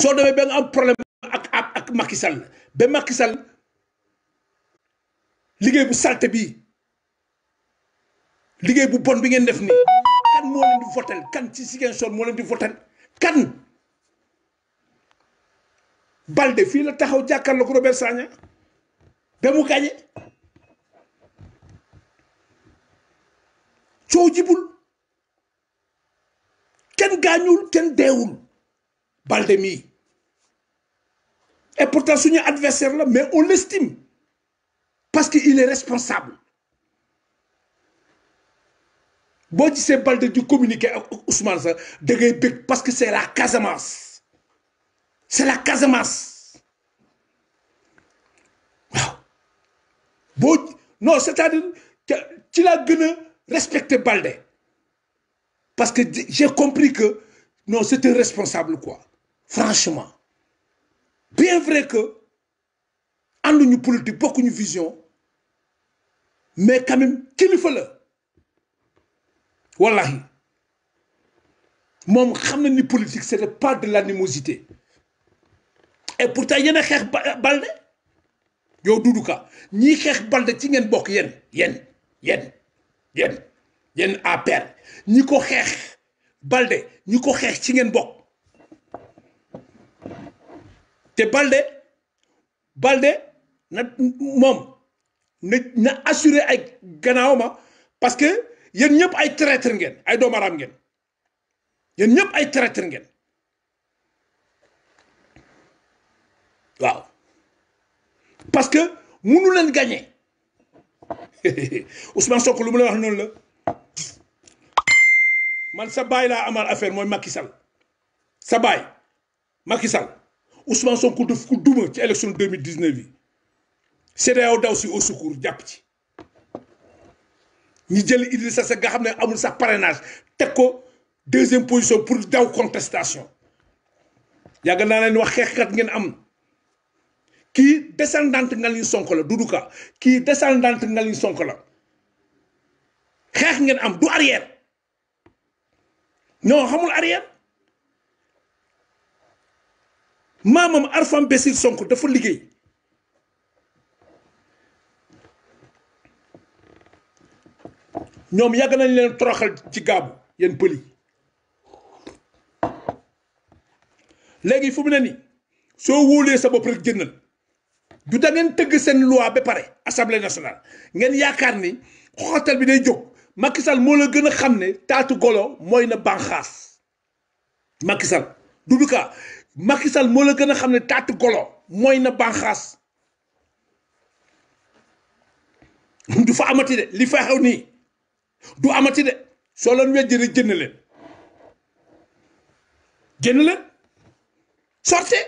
soo demee ba nga am problème ak ak ak ba Macky liggéey bu salte bi liggéey bu bon bi ngeen def nii kan moo leen di votel kan ci Ziguinchor moo leen di votel kan Balde fii la taxaw jàkkaarloog Robert Sagna ba mu gaañe coow jibul kenn gaañul kenn deewul Balde mii et pourtant suñu adversaire la mais on l'estime parce que il est responsable boo gisee Balde di communiquer ak Ousmane sax parce que c'est la Casamance c'est la Casamance waaw boo non c'est-à-dire ci laa gën a respecter Balde Parce que j'ai compris que, non, c'était responsable, quoi. Franchement. Bien vrai que, en nous politique, beaucoup de vision, mais quand même, qu'il Wallahi. moom xam na ni politique c'était pas de l'animosité et pourtant yéen a xeex Balde yow Doudou Ka xeex Balde ci ngeen bokk yéen yéen yéen yéen APR ñi ko xeex Balde ñi ko xeex ci ngeen bokk te Balde Balde na moom na na assuré ay gannaawama parce que yéen ñëpp ay traître ngeen ay doomaraam ngeen yéen ñëpp ay traître ngeen waaw parce que munu leen gagné Ousmane Sonko lu mu la wax noonu la. man sa baay laa amaal affaire mooy Macky Sall sa baay Macky Sall Ousmane Sonko daf ko duma ci élection 2019 yi CEDEAO daw si au secours jàpp ci ñu jël sa sa nga xam ne amul sax parrainage teg ko deuxième position pour daw contestation yàgg naa leen wax xeexkat ngeen am kii descendante Ngaliou Sonko la Doudou Ka kii descendante Ngaliou sonk la xeex ngeen am du arrière. non xamul arrière maamam Arfam Bessir sonk dafa liggéey ñoom yàgg nañ leen toroxal ci gaabu yéen pël léegi fu mu ne nii soo wóolee sa bopp rek jëndal du da ngeen tëgg seen loi ba pare assemblée nationale ngeen yaakaar ni xoxatal bi day jóg. makisal moo la gën a xam ne taatu golo mooy na banxaas makisal Sall Doudou Ka moo la gën a xam ne taatu golo mooy na banxaas du fa amati de li fa xew nii du amati de soo leen wejjee rek jënd leen jënd leen sortez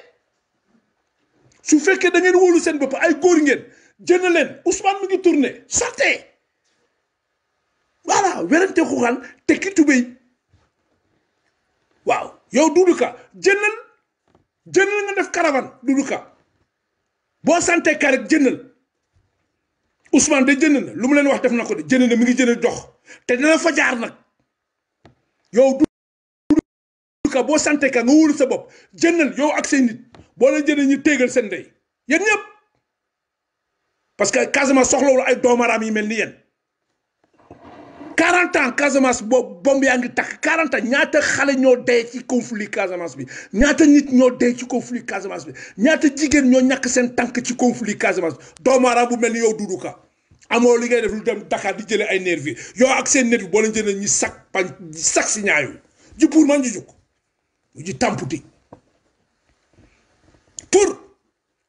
su fekkee da ngeen wóolu seen bopp ay góor ngeen jënd leen Ousmane mu ngi tourné sortez voilà werante xuxal te ki tubéy waaw yow Doudou Ka jëndal jëndal nga def caravane Doudou Ka boo sante ka rek jëndal Ousmane de jënd na lu mu leen wax def na ko de jënd na mi ngi jënd jox te dana fa jaar nag yow Doudou Ka boo sante ka nga wóolu sa bopp jëndal yow ak say nit boo leen jëndee ñu téegal seen ndey yéen ñëpp parce que Casamance soxlawul ay doomaraam yi mel ni yéen 40 ans Casamance boobu bomb yaa ngi takk 40 ans ñaata xale ñoo dee ci conflit Casamance bi ñaata nit ñoo dee ci conflit Casamance bi ñaata jigéen ñoo ñàkk seen tànk ci conflit Casamance bi doomu bu mel ni yow Doudou Ka amoo li ngay def lu dem Dakar di jëlee ay nervi yow ak seen nervi boo leen jëlee ñu sakk pañ sakk si ñaayu ji pour man ji jug ji tàmputi pour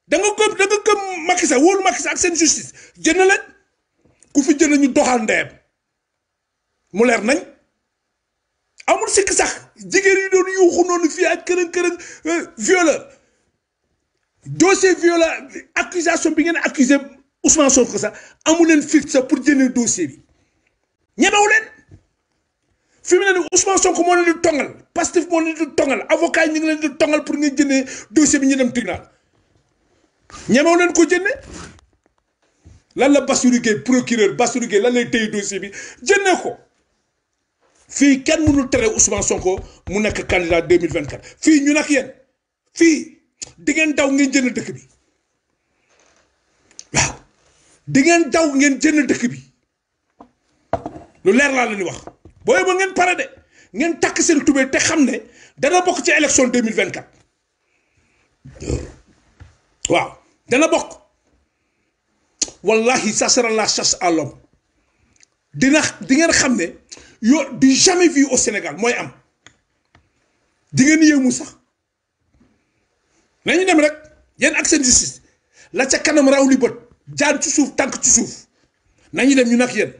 da nga gëm da nga gëm Macky Sall wóolu Macky Sall ak seen justice jënd leen ku fi jënd ñu doxal ndeem. mu leer nañ amul sikk sax jigéen yi doon yuuxu noonu fii ak kërën kërën euh, violeur dossier violeur accusation bi ngeen accusé Ousmane ko sax amu leen fit sax pour jëndee dossier bi ñemewu leen fi mu ne nii Ousmane Sonko moo leen di tongal Pastef moo leen di tongal avocat yi ñu ngi leen di tongal pour ngeen jëndee dossier bi ñu dem tribunal ñemewu leen ko jëndee lan la Bassirou Gueye procureur Bassirou Gueye lan lay téye dossier bi jëndee ko. fii kenn mënul tere Ousmane Sonko mu nekk candidat 2024 fii ñu nag yen fii di ngeen daw ngeen jën dëkk bi waaw di ngeen daw ngeen jën dëkk bi lu leer laa la ñu wax booy ba ngeen pare de ngeen takk seen tubéy te xam ne dana bokk ci élection 2024 waaw dana bokk wallahi ça sera la chasse à l'homme dina di ngeen xam ne yoo du jamais vu au Sénégal mooy am di ngeen yéemu sax nañu dem rek yéen ak seen justice la ca kanam raw li bët jaar ci suuf tànk ci suuf nañu dem ñu nag yéen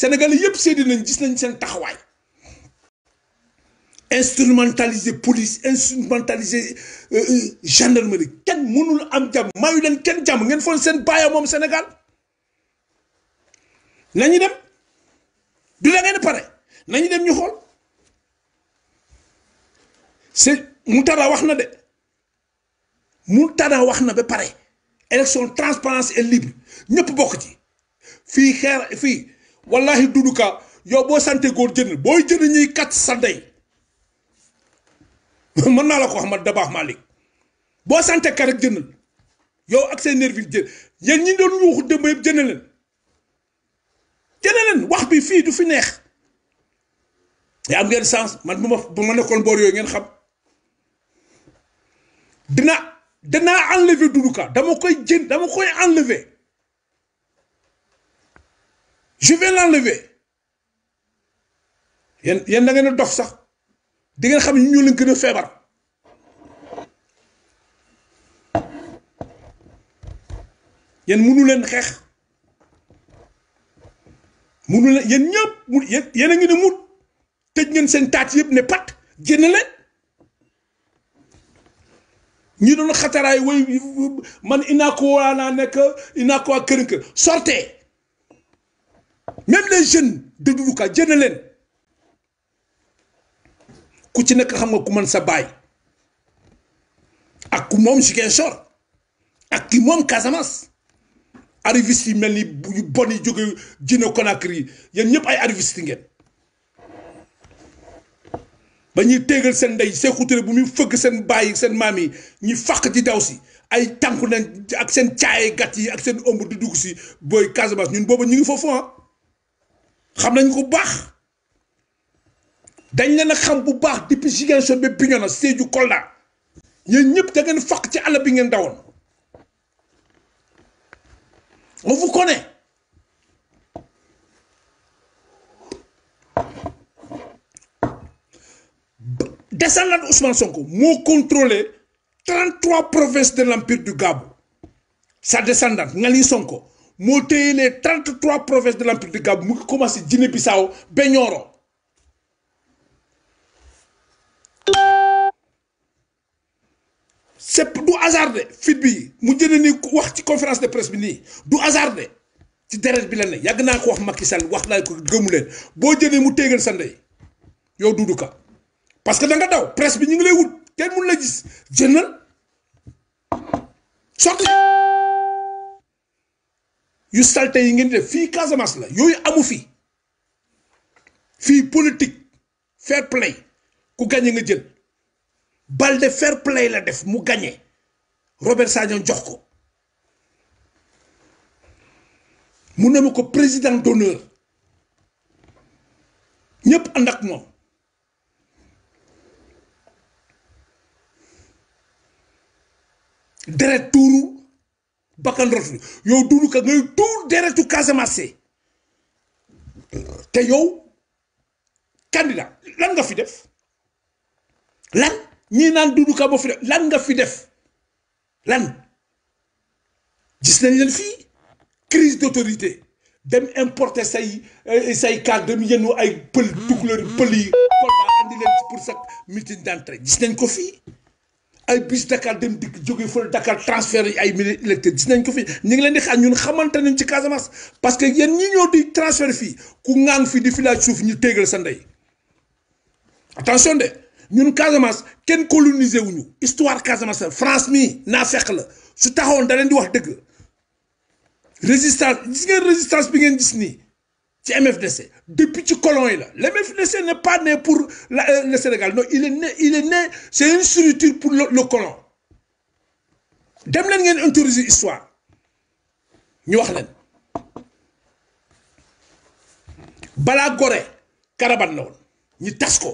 Sénégal yëpp séeddi nañ gis nañ seen taxawaay instrumentaliser police instrumentaliser euh, euh, gendarmerie kenn mënul am jàmm mayu leen kenn jàmm ngeen foog seen baaya moom Sénégal nañu dem. du da ngeen pare nañu dem ñu xool mu Moutada wax na de mu Moutada wax na ba pare élection transparence et libre ñëpp bokk ci fii xeer fii wallahi duduka yow boo sante góor jënd booy jënd ñuy kat sa ndey mën naa la ko xamal dabaax Malick boo sante kar ak jëndal yow ak seen nervi jënd yéen ñi doon yuuxu démb yëpp jënd leen jëlee leen wax bi fii du fi neex te am ngeen sens man bu ma bu ma nekkoon boor yooyu ngeen xam dina danaa enlever Doudou Ka dama koy jën dama koy enlever je vais l'enlever yéen yéen da ngeen dox sax di xam ñu leen gën a feebar yéen mënu leen xeex. munu la yéen ñëpp mu yéen a ngi ne mut tëj ngeen seen taat yëpp ne pat génn leen ñi doon xataraay way man inaako waa naa nekk inaako waa kërën kër sortez même les jeunes de Duduka génn leen ku ci nekk xam nga ku man sa baay ak ku moom Ziguinchor ak ki moom Casamance arriviste yi mel ni yu bon yi jóge Guinée Conakry yi yéen ñëpp ay arriviste yi ngeen ba ñuy téegal seen ndey Sékou Touré bu muy fëgg seen bàyyi seen maam yi ñuy fàq ci daw si ay tànku nañ ak seen caaye gàtt yi ak seen omb di dugg si booy Casamance ñun booba ñu ngi foofu ah. xam nañ ko baax dañ leen a xam bu baax depuis Ziguinchor ba Bignona Sédhiou Kolda yéen ñëpp da ngeen fàq ci àll bi ngeen dawoon On vous connaît. descendant Ousmane Sonko moo contrôlé 33 provinces de l'empire du Gabou sa descendante Ngani Sonko moo téye les 33 provinces de l'empire du Gabou mu ngi commencé Guinée-Bissau be Nioro sepp du hasard de fit bi mu jëne ni wax ci conférence de presse bi nii du hasard de ci deret bi la ne yàgg naa ko wax Macky Sall wax naa ko gëmu leen boo jënee mu téegal sa ndey yow Doudou Ka parce que da nga daw presse bi ñu ngi lay wut kenn mun la gis jëndal sotti yu salte yi ngeen def fii Casamance la yooyu amu fi fii politique fair play ku gagné nga jël. Balde fair play la def mu gagné Robert Sagnon jox ko mu nomme ko président d'honneur ñëpp ànd ak moom deret tuuru bakkan rotu yow duuru ka ngay tuur deretu Casamance te yow candidat lan nga fi def lan. ñii naan Doudou Ka moo fi def lan nga fi def lan gis nañ leen fii crise d'autorité dem importer say euh, say cadre dem yenn ay pël tukulóor pël yi Kolda andi leen pour sa meeting d'entrée gis nañ ko fii ay bus Dakar dem dikk jóge fële Dakar transfert yi ay mille électeurs gis nañ ko fii ñu ngi leen di xaar ñun xamante nañ ci Casamance parce que yéen ñi ñoo di transfert fii ku ŋaan fii di village suuf ñu téegal sa ndey ñun Casamance kenn colonisé wuñu histoire Casamance France mi naa fekk la su taxawoon da leen di wax dëgg résistance gis résistance bi ngeen gis nii ci MFDC depuis ci colon yi la le MFDC n'est pas né pour euh, le Sénégal non il est né il est né c'est une structure pour le colon dem leen ngeen autoriser histoire ñu wax leen balaa Gorée Karabane la ñi ñu ko.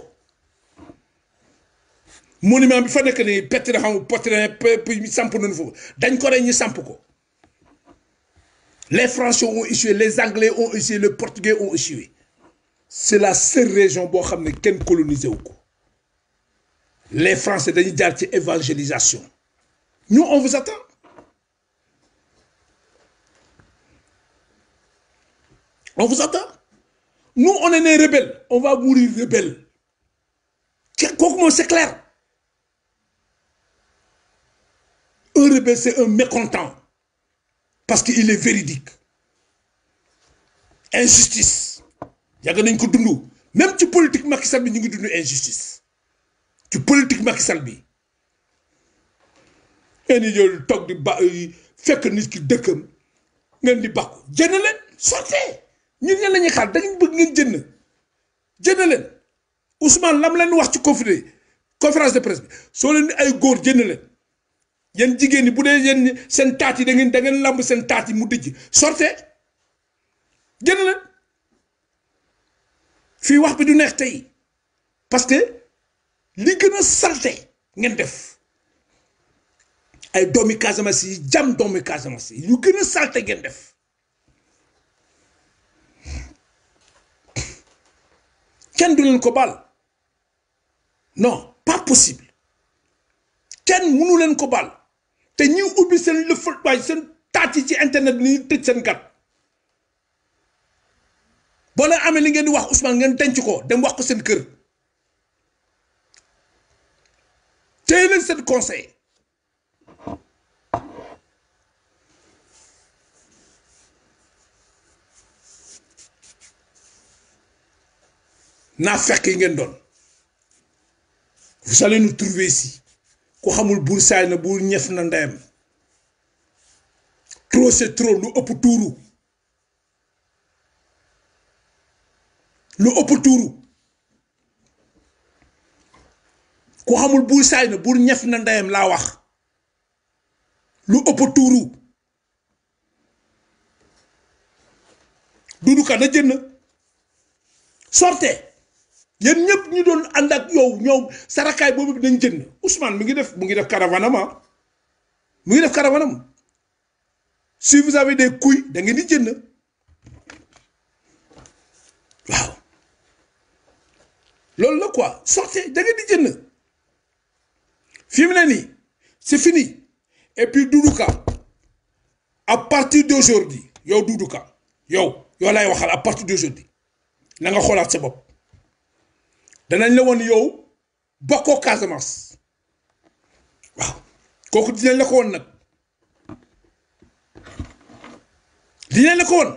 monument bi fa nekk nii pett na xam potrin samp nañu foofu dañ ko rey ñu samp ko les français ont échoué les anglais ont échoué les portugais ont échoué c'est la seule région boo xam ne kenn colonisé wu ko les français dañuy jaar ci évangélisation ñu on vous attend on vous attend nous on est des rebelles on va mourir rebelles c'est clair Un rebelle, c'est un mécontent. Parce qu'il est véridique. Injustice. yàgg nañ ko dund même ci politique Macky Sall bi ñu ngi dund injustice ci politique Macky bi ngeen di jël toog di ba euh, fekk nit ki dëkkam ngeen di bàkku jënd leen sortez ñun ñenn la ñuy xaar dañu bëgg ngeen jënd jënd leen Ousmane lam leen wax ci conférence conférence de presse soo leen ni ay góor jënd leen. yéen jigéen ñi bu dee yéen seen taat yi da ngeen da ngeen lamb seen taat yi mu dijj sorte génn la fii wax bi du neex tey parce que li gën a salte ngeen def ay doomi Casamance yi jam doomi Casamance yi yu gën a salte ngeen def kenn du leen ko baal non pas possible kenn mënu leen ko baal te ñi ubbi seen lëfa waay seen taat ci internet bi ñu tëj seen gat boo amee li ngeen di wax usmaan ngeen denc ko dem wax ko seen kër téye seen conseil naa fekk yi ngeen doon vous allez nous trouver ici ku xamul buur saay na buur ñef na ndeyam trop lu ëpp tuuru lu ëpp tuuru ku xamul buur saay na buur ñef na laa wax lu ëpp tuuru dudu na jënd sorte yéen ñëpp ñu doon ànd ak yow ñoom sarakaay boobu dañ jënd Ousmane mu ngi def mu ngi def caravanam ah mu ngi def caravanam si vous avez des couilles da ngeen di jënd waaw loolu la quoi sortez da ngeen di jënd fi mu ne nii c'est fini et puis Doudou Ka à partir d'aujourd'hui yow Doudou Ka yow yow laay waxal à partir d'aujourd'hui na nga xoolaat sa bopp. danañ la woon yow bokkoo Casamance waaw kooku dinañ la ko woon nag dinañ la ko woon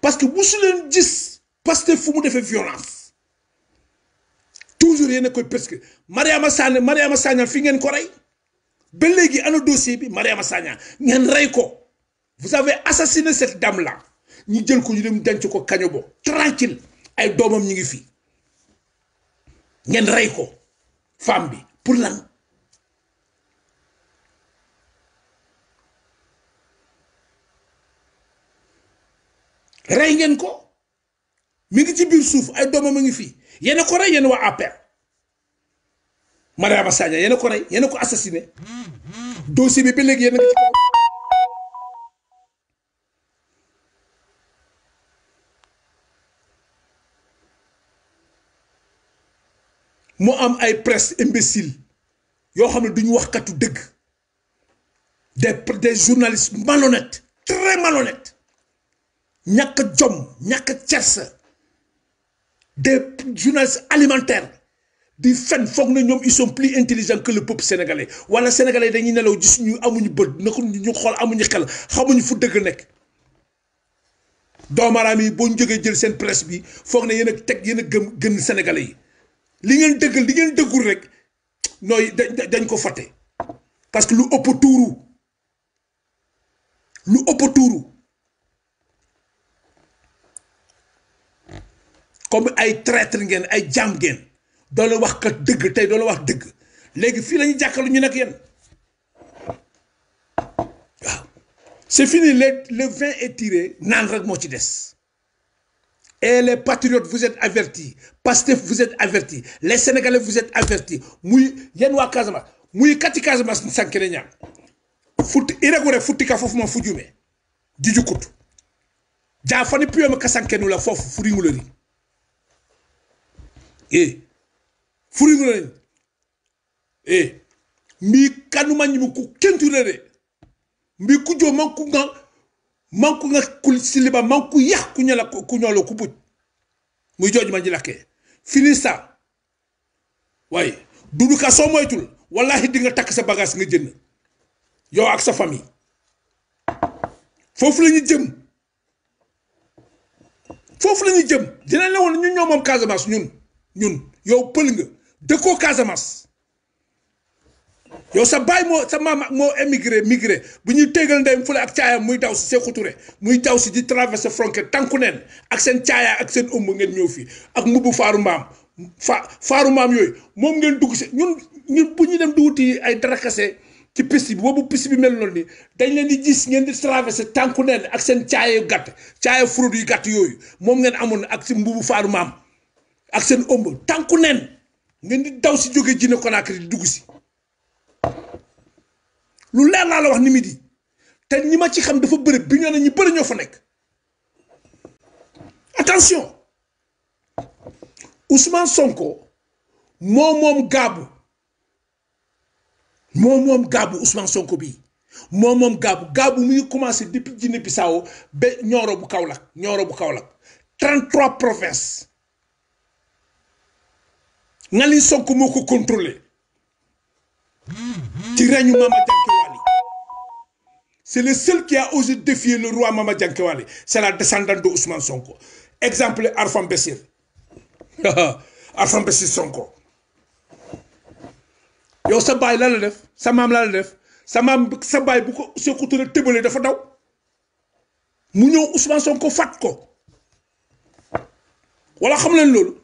parce que bu su leen gis Pastef fu mu defee violence toujours yéen a koy presque Mariama Sagna Mariama Sagna fi ngeen ko rey ba léegi ana dossier bi Mariama Sagna ngeen rey ko vous avez assassiné cette dame là ñu jël ko ñu dem denc ko kaño bo tranquille ay doomam ñu ngi fii ngeen rey ko femme bi pour lan rey ngeen ko mi ngi ci biir suuf ay doomam a ngi fi yéen a ko rey yéen waa APR Mariama Sagna yéen a ko rey yéen a ko assassiné dossier bi ba mu am ay presse imbécile yoo xam ne duñu waxkatu dëgg des des journalistes malhonnêtes très malhonnêtes ñàkk jom ñàkk cersa des journalistes alimentaires di fen foog na ñoom ils plus intelligents que le peuple sénégalais wala sénégalais dañuy nelaw gis ñu amuñu bët naka ñu ñu xool amuñu xel xamuñu fu dëgg nekk doomaraam yi boo ñu jógee jël seen presse bi foog na yéen a teg yéen a gëm gën sénégalais yi li ngeen dëgg li ngeen dëggul rek nooy dañ ko fàtte parce que lu ëpp tuuru lu ëpp tuuru comme ay traître ngeen ay jaam ngeen doo la wax kat dëgg tey doo la wax dëgg léegi fii lañuy jàkkaarlu ñu nekk yéen waaw c'est fini le vingt et est naan rek moo ci des et les patriotes vous êtes avertis Pastef vous êtes avertis les sénégalais vous êtes avertis muy yéen waa Casamance muy kati Casamance sankere ñaam futti i rego re futti ka foofu ma fu ka sankenu la foofu furingulori e eh, furingulori e eh, mbi kanuma ñimu ku kenture mbi ku jooma ku ngan manku nga kul siliba manku yax ku ñala ku ñolo ku buj muy jooj ma ji lakkee finista waaye Doudou Ka soo moytul wallahi di nga takk sa bagage nga jënd yow ak sa famille foofu la ñu jëm foofu la ñu jëm dinañ la woon ñun ñoo moom Casamance ñun ñun yow pël nga dëkkoo Casamance yow sa baay moo sa maam moo émigré migré bu ñuy téegal ndeyam fule ak caayam muy daw si Sékou Touré muy daw si di traversé frontière tànku neen ak seen caaya ak seen ëmb ngeen ñëw fii ak mbubu faaru mbaam fa faaru mbaam yooyu moom ngeen dugg si ñun ñun bu ñu dem di wuti ay darakase ci piste bi boobu piste bi mel noonu ni dañ leen di gis ngeen di traversé tànku neen ak seen caaya yu gàtt caaya fruit yu gàtt yooyu moom ngeen amoon ak si mbubu faaru maam ak seen ëmb tànku neen ngeen di daw si jóge Guinée Conakry di dugg si lu leer laa la wax ni te ñi ma ci xam dafa bëri bi ñoo ne ñu bëri ñoo fa nekk attention Ousmane Sonko moom moom gaabu moom moom gaabu Ousmane Sonko bii moo moom gaabu gaabu mu ngi commencé depuis Guinée Bissau ba ñooro bu Kaolack ñooro bu Kaolack 33 provinces nga li Sonko moo ko contrôlé ci reñu C'est le seul qui a osé défier le roi Mama Diankewale. C'est la descendante de Ousmane Sonko. Exemple, Arfan Bessir. Arfan Bessir Sonko. yow sa baay lan la def sa maam lan la def sa maam sa baay bu ko Sékou Touré tëbalee dafa daw mu ñëw Ousmane Sonko fat ko wala xam leen loolu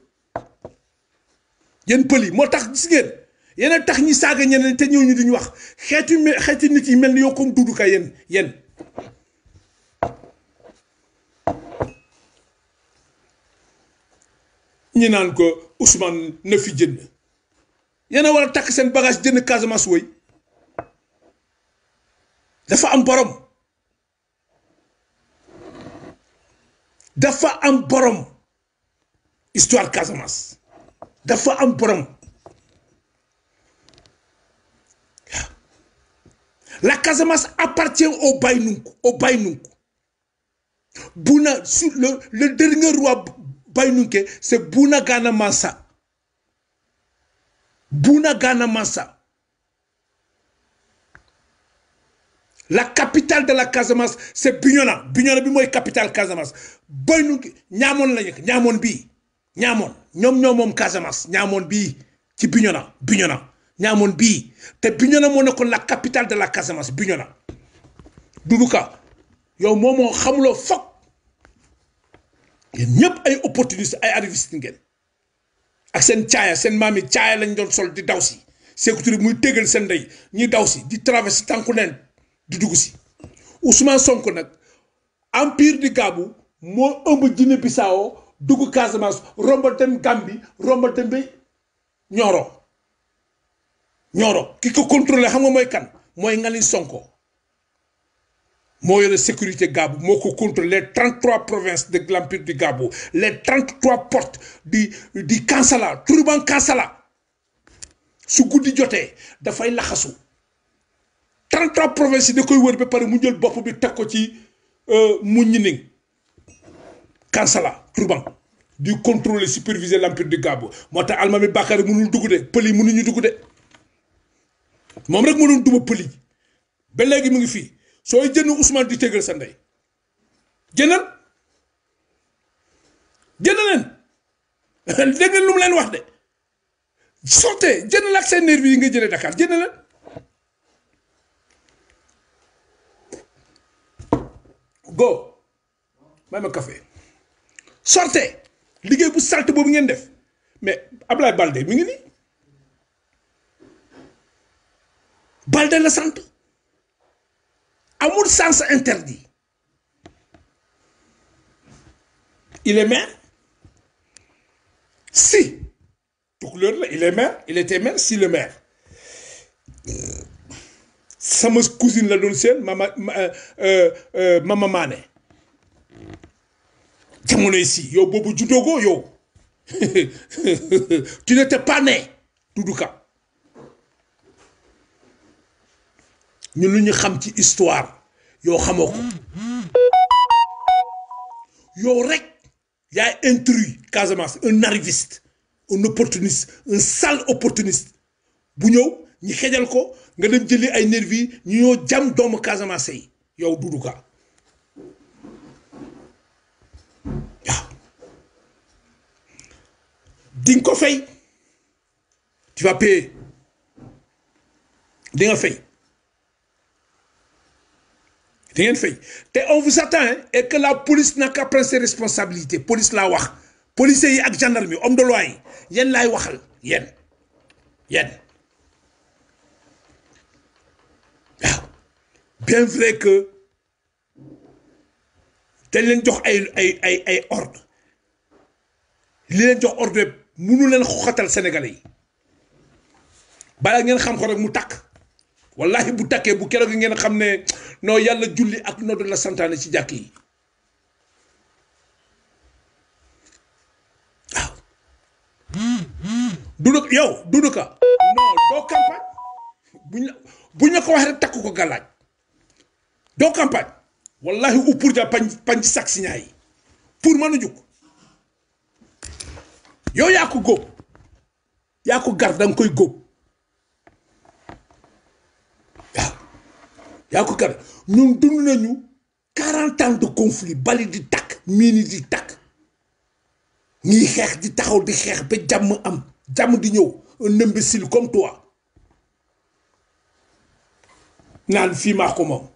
yéen pël yi moo tax si ngeen yéen tax ñi saaga ñeneen te ñëw ñu duñu wax xeetu xeeti nit yi mel ni yow comme Doudou Ka yéen yéen ñi naan ko Ousmane na fi jënd yéen war a takk seen bagage jënd Casamance woy dafa am borom dafa am borom histoire Casamance dafa am borom La Casamance appartient au Baïnouk, au Baïnouk. Bouna, le, le, dernier roi Baïnouké, c'est Bouna Gana Massa. Bouna Gana Massa. La capitale de la Casamance, c'est Bignona. Bignona, c'est la capitale Casamance. Baïnouké, Niamon, Niamon, Bi. Niamon, Nyom Casamance, Niamon, Bi. Qui Bignona, Bignona. ñaamoon bii te Bignona moo nekkoon la capitale de la Casamance Bignona Doudou Ka yow moomoo xamuloo foog yéen ñëpp ay opportuniste ay arriviste ngeen ak seen caaya seen maam yi caaya lañ doon sol di daw si Sékou Touré muy tégal seen ndey ñuy daw si di traversé tànku neen di dugg si Ousmane sonk nag empire di Gabou moo ëmb Guinée Bissau dugg Casamance romba dem Gambie romba dem ba Nioro ñooro ki ko contrôlé xam nga mooy kan mooy Ngani Sonko moo yore sécurité Gabou moo ko contrôlé les 33 provinces de l'empire du Gabou les 33 portes di di Kansala turban Kansala su guddi jotee dafay laxasu 33 provinces yi da koy wër ba pare mu jël bopp bi teg ko ci euh, mu ñining Kansala turban di contrôler superviser l'empire du Gabou moo tax almaami Bakary mënul dugg de pël yi ñu dugg de moom rek moo doon duma pël yi ba léegi mu ngi fii sooy jënd Ousmane di tegal sa ndey jëndal jënd leen dégg lu leen wax de sorte jëndal ak seen nervi yi nga jëlee Dakar jënd leen go may ma café sorte liggéey bu salte boobu ngeen def mais Ablaye Balde mi ngi nii Balde la sant amul sens interdit il est maire si Tukulóor la il est maire il était maire si le maire sama cousine la doon seen mama euh, euh, mama Maane jamonoy si yow boobu juddoo ko tu n'étais pas né Doudou Ka ñun lu ñu xam ci histoire yow xamoo ko yow rek yaay intrus Casamance un arriviste un opportuniste un sale opportuniste bu ñëw ñu xejal ko nga dem jëli ay nervi ñu ñoo jam doomu Casamance yi yow Doudou Ka waaw ko fay tu vas payer di nga fay. di ngeen fay te on vous attend et que la police n'a qu'à prendre ses responsabilités police laa wax policiers yi ak gendarme yi homme de loi yi yéen laay waxal yéen yan waaw bien vrai que dañ leen jox ay ay ay ay ordre li leen jox ordre mënu leen xoxatal sénégalais yi balaa ngeen xam ko rek mu takk wallahi bu takkee bu keroog yi ngeen xam ne non yàlla julli ak nodd la santaane ci jàkk yi waaw. Doudou yow Doudou Ka. non doo campagne buñ la buñ la ko waxee ko galaaj doo campagne wallahi ou pour ja pañ pañ sax si ñaay pour mën a jug yow yaa ko góob yaa ko gar da koy góob. yaa ko kabe ñun dund nañu quarante ans conflit bali di takk miini di takk ñuy xeex di taxaw di xeex ba jàmm am jàmm di ñëw un imbécile comme toi naan fii maa ko moom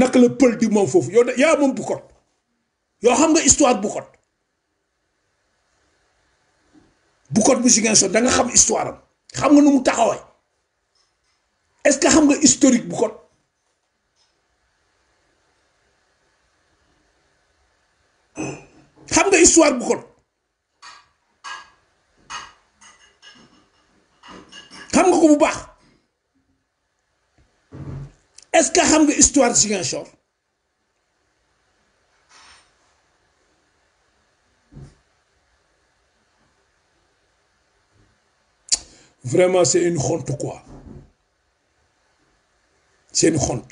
naka la pël di moom foofu yow de yaa moom Bukot yoo xam nga histoire Bukot Bukot bu Ziguinchor da nga xam histoire am xam nga nu mu taxawee. est-ce que xam nga historique bu code xam nga histoire bu code xam nga ko bu baax est-ce que xam nga histoire Ziguinchor vraiment c'est une honte quoi seen xont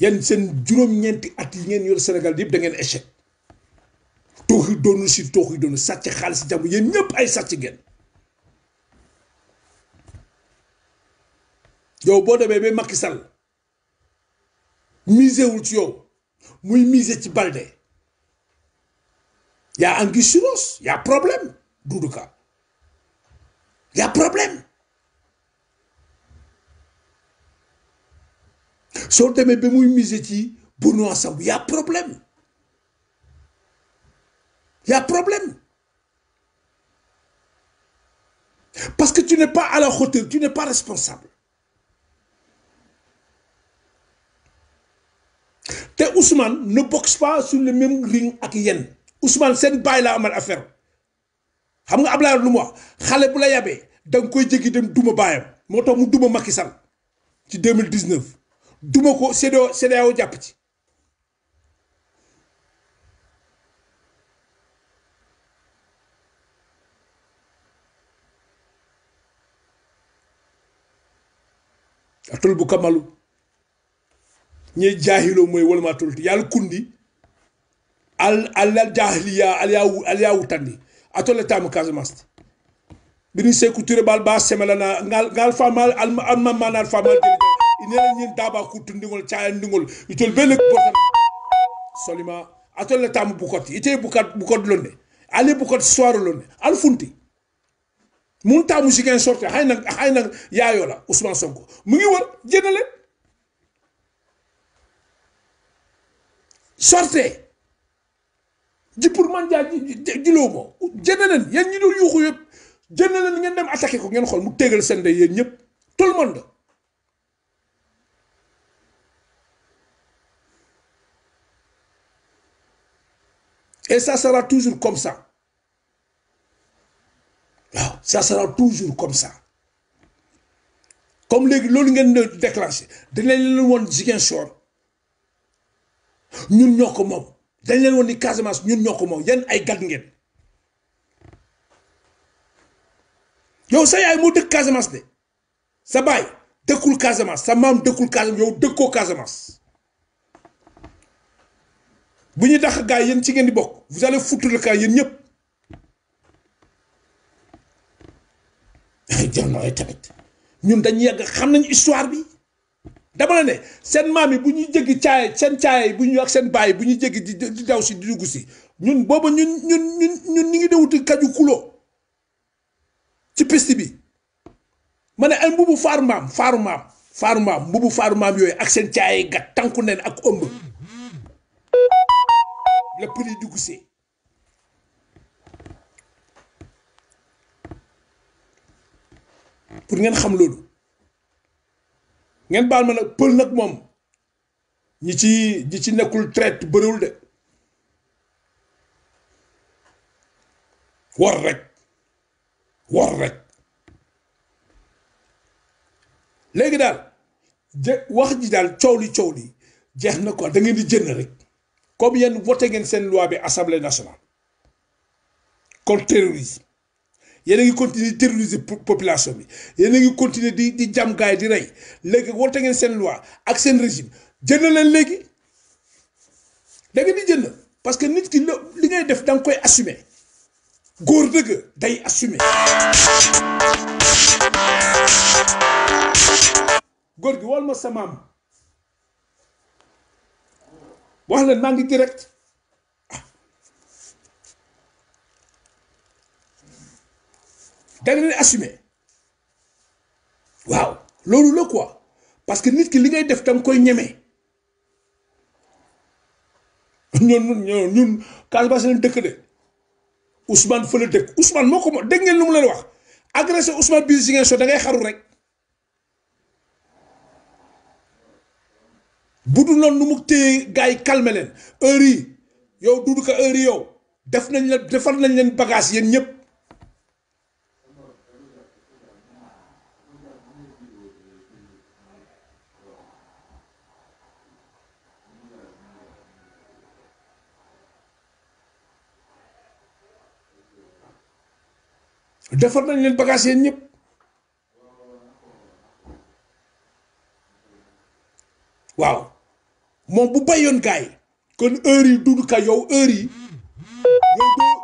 yan seen juróom-ñeenti at yi ngeen yor Sénégal yëpp da ngeen échec tooxi doonu si tooxi doonu sàcc xaalis jàmm yéen ñëpp ay sàcc gen yow boo demee ba Macky Sall misé wul ci yow muy misé ci Balde y a anguille sous roche y problème Doudou Ka problème. soo demee ba muy miser ci Benoît Sambou y' a problème y' problème parce que tu ne pas à la hauteur tu n'es pas responsable te Ousmane ne boxe pas sur le même ring ak yenn Ousmane seen bàyyi laa amal affaire xam nga am laa lu mu wax xale bu la yabee da nga koy jéggi dem duma baayam moo tax mu duma Macky Sall ci 2019 duma ko séddoo séddoo jàpp ci atul bu kamalu ñee jaahiloo mooy wala ma atul yàlla kundi al al jaahiliya al yaawu al yaawu tandi atul la taamu Casamance bi ñu seeku turé baal baa seme la naa ngaal ngaal faamaal al ma al ma ñeneen ñi Dabakout ndigol Caayan ndigol itol be lekki botan solima atol le tamu bukot ite bukat bukot londe ale bukot soir londe al funti mun tamu jigéen sorte xay nag xay nag yaayoo la Ousmane Sonko mu ngi wër jënd leen sorte ji pour man jaa jiloo moo jënd leen yéen ñi doon yuuxu yëpp jënd leen ngeen dem attaqué ko ngeen xool mu tégal seen day yéen ñëpp tout le monde et ça sera toujours comme sa waaw ça sera toujours comme ça comme léegi loolu ngeen di déclenché dinañ leen woon Ziguinchor ñun ñoo ko moom dañ leen woon ni Casamance ñun ñoo moom yéen ay gàdd ngeen yow sa yaay moo dëkk Casamance de sa baay dëkkul Casamance sa maam dëkkul Casamance yow dëkkoo Casamance. bu ñuy dàq gars yi yéen ci ngeen di bokk vous allez foutre le camp yéen ñëpp jël na ay tamit dañu yàgg xam nañu histoire bi dama la ne seen maam yi bu ñuy jéggi caay seen caay bu ñu ak seen baay bu ñuy jéggi di daw si di dugg si ñun booba ñun ñun ñun ñun ñu ngi dewuti kaju kuloo ci piste bi ma ne ay mbubu faaru maam faaru maam faaru maam mbubu faaru maam yooyu ak seen caay ga tànku neen ak ëmb la pëli dugg see pour ngeen xam loolu ngeen baal ma nag pël nag moom ñi ci ñi ci nekkul traite bëriwul de war rek war rek léegi daal je wax ji daal coow li coow li jeex na ko da ngeen di jënd rek comme yéen voté ngeen seen loi bi assemblée nationale contre terrorisme yéen a ngi continuer di terroriser population bi yéen a ngi continuer di di jam gaay di rey léegi voté ngeen seen loi ak seen régime jënd leen léegi da di jënd parce que nit ki li ngay def da koy assumer góor dëgg day assumer góor gi wal ma sa wax leen maa ngi direct da nga leen assumer waaw loolu la quoi parce que nit ki li ngay def danga koy ñeme ñun ñun ñun Casamance leen dëkk ne Ousmane fa la dëkk Ousmane moo ko ma dégg ngeen lu mu leen wax agressé Ousmane biir si ngeen so da ngay xaru rek. bu dul noonu nu mu téye gars yi calmer leen heure yi yow ko heure yow def nañ la defal nañ leen bagage yéen ñëpp nañ leen bagage yéen ñëpp waaw moom bu bayoon gars kon heure yi Doudou Ka yow heure yi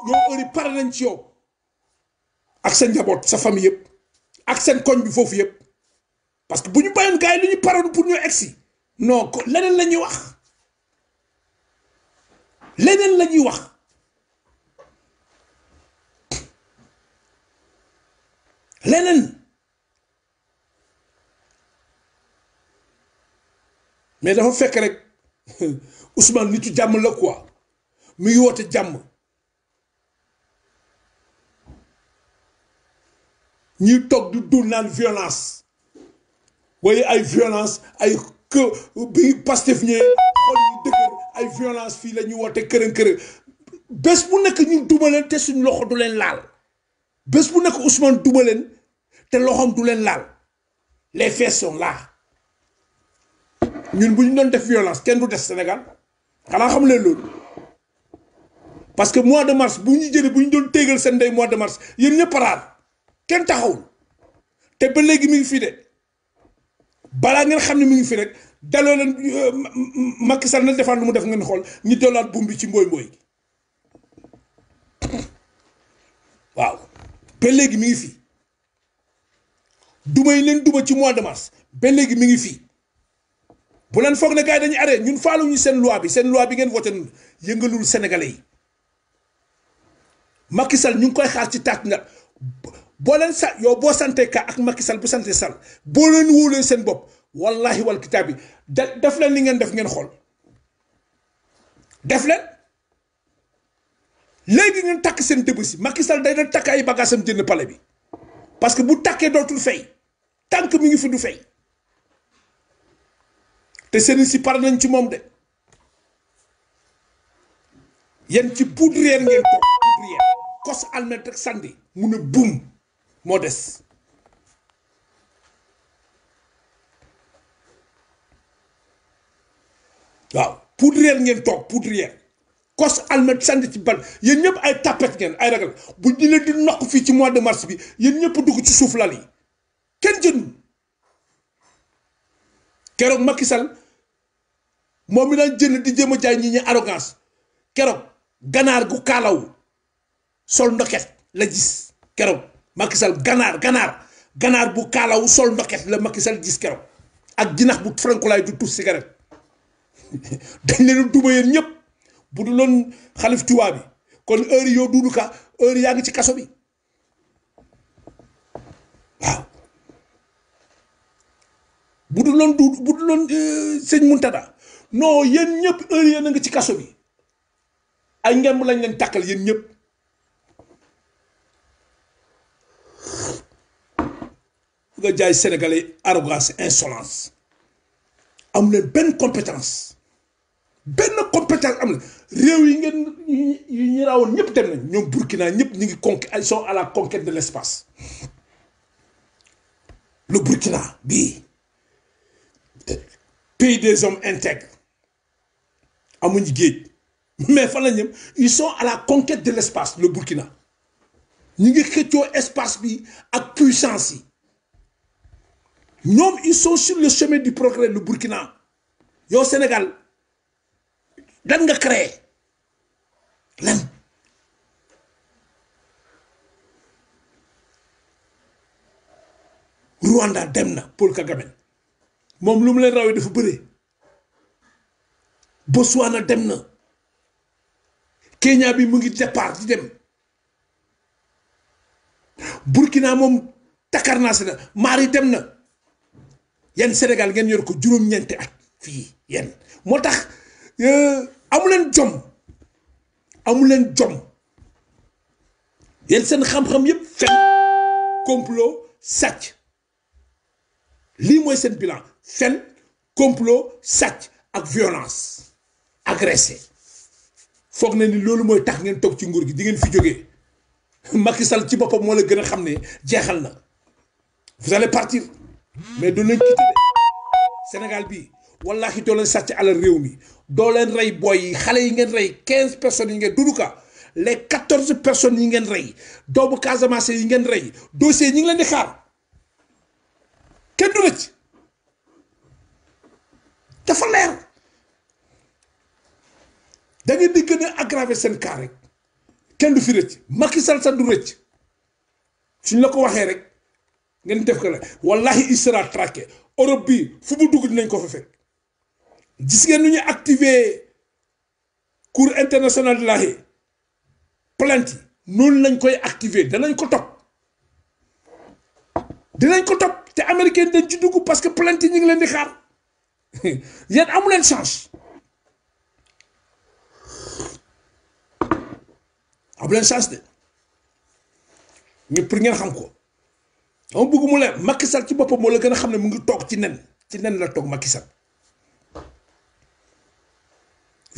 yow doo yi pare nañ ci yow ak sa njaboot sa famille yëpp ak seen koñ bi foofu yëpp parce que bu ñu bayoon gars yi lu ñu paroon pour ñu egsi non ko leneen la ñuy wax leneen la ñuy wax leneen mais dafa fekk rek Ousmane nitu jàmm la quoi muy ngi woote jàmm ñuy toog du dul naan violence waaye ay violence ay que bi Pastef ñëwee xool yu dëgër ay violence fii lañuy ñuy woote kërën kërën bés bu nekk ñu duma leen te suñu loxo du leen laal bés bu nekk Ousmane duma te loxoom du leen laal les faits laa ñun bu ñu doon def violence kenn du des Sénégal xanaa xam leen loolu parce que mois de mars bu ñu jëlee bu ñu doon téegal seen ndey mois de mars yéen ñëpp paraar kenn taxawul te ba léegi mi ngi fi de balaa ngeen xam ne mi ngi fi rek leen euh, Macky Sall na defaan lu mu def ngeen xool ñu dolaat buum bi ci mbooy mbooy waaw léegi mi ngi fi duma yi leen duma ci mois de mars ba léegi mi ngi fii bu leen foog na gars yi dañuy arrêté ñun faaluñu seen loi bi seen loi bi ngeen voté yëngalul Sénégalais yi Macky sal ñu ngi koy xaar ci taat nga boo leen sa yow boo sante ka ak Macky Sall bu sante sal boo leen wóolee seen bopp wallahi wal kitaab bi da def leen li ngeen def ngeen xool def leen léegi ngeen takk seen dëbb si makki Sall day doon takk ay bagaasam jënd pale bi parce que bu takkee dootul fay tànk mi ngi fi du fay. te sëriñ si pare nañ ci moom de yan ci poudrière ngeen toog poudrière kos almet rek moo des waaw poudrière ngeen toog poudrière kos almet sandi ci bal yéen ñëpp ay tapet ngeen ay ragal bu ñu leen di noq fii ci mois de mars bi yéen ñëpp dugg ci suuf lal yi kenn jënd keroog Macky Sall moom mi daan jënd di jéem a jaay ñi ñi arrogance keroog ganaar gu kaalaw sol ndoket la gis keroog Macky Sall ganaar ganaar ganaar bu kaalaw sol ndoket la Macky Sall gis keroog ak jinax bu frankolaay du tuus cigarette dañ leen duma yéen ñëpp bu du loon xalif tuwaa bi kon heure yoo duudu ka heure yaa ngi ci kaso bi bu du loon du bu du loon euh, sëñ Muntada non yéen ñëpp heure yéen a nga ci kaso bi ay ngemb lañ leen takkal yéen ñëpp nga jaay sénégalais arrogance insolence am leen benn compétence benn compétence am na réew yi ngeen yi ñu raawoon ñëpp dem nañ ñoom Burkina ñëpp ñu ngi conquête ils sont à la conquête de l' espace le Burkina bii pays des hommes intègres amuñu géej mais fan la ñëm ils sont à la conquete de l' espace le Burkina ñu ngi xëccoo espace bi ak puissance yi ñoom ils sont sur le chemin du progrès le Burkina yow Sénégal dan nga créé lan Rwanda dem na Paul Kagame moom lu mu leen rawee dafa bëree Botswana dem na Kenya bi mu ngi départ di dem Burkina moom takarnaase na maari dem na yan Sénégal ngeen yor ko juróom-ñeenti at fii yenn moo tax euh, amu leen jom amu leen jom yéen seen xam-xam yépp fen complot sàcc lii mooy seen bilan fen complot sàcc ak violence agressé foog na ni loolu mooy tax ngeen toog ci nguur gi di ngeen fi jógee Macky Sall ci boppam moo la gën a xam ne jeexal na vous allez mais doo leen quitté Sénégal bii wallaahi doo leen sàcc alal réew mi doo leen rey booy yi xale yi ngeen rey quinze personnes yi ngeen duduka les quatorze personnes yi ngeen rey doomu Casamance yi ngeen rey dossier ñi ngi leen di xaar kenn du rëcc dafa leer da ngeen di gën seen cas rek kenn du fi rëcc Macky Sall sax du rëcc suñ la ko waxee rek ngeen def ko la wallahi il sera traqué Europe bi fu mu dugg dinañ ko fa fekk gis ngeen nu ñu active cour internationale de la Haye noonu lañ koy active danañ ko topp dinañ ko topp. te américain dañ ci dugg parce que plainte yi leen di xaar yéen amu leen chance amu chance de ñëpp pour ngeen xam ko dama bëgg mu leen Macky ci boppam moo la gën a xam ne mu ngi toog ci nen ci nen la toog Macky Sall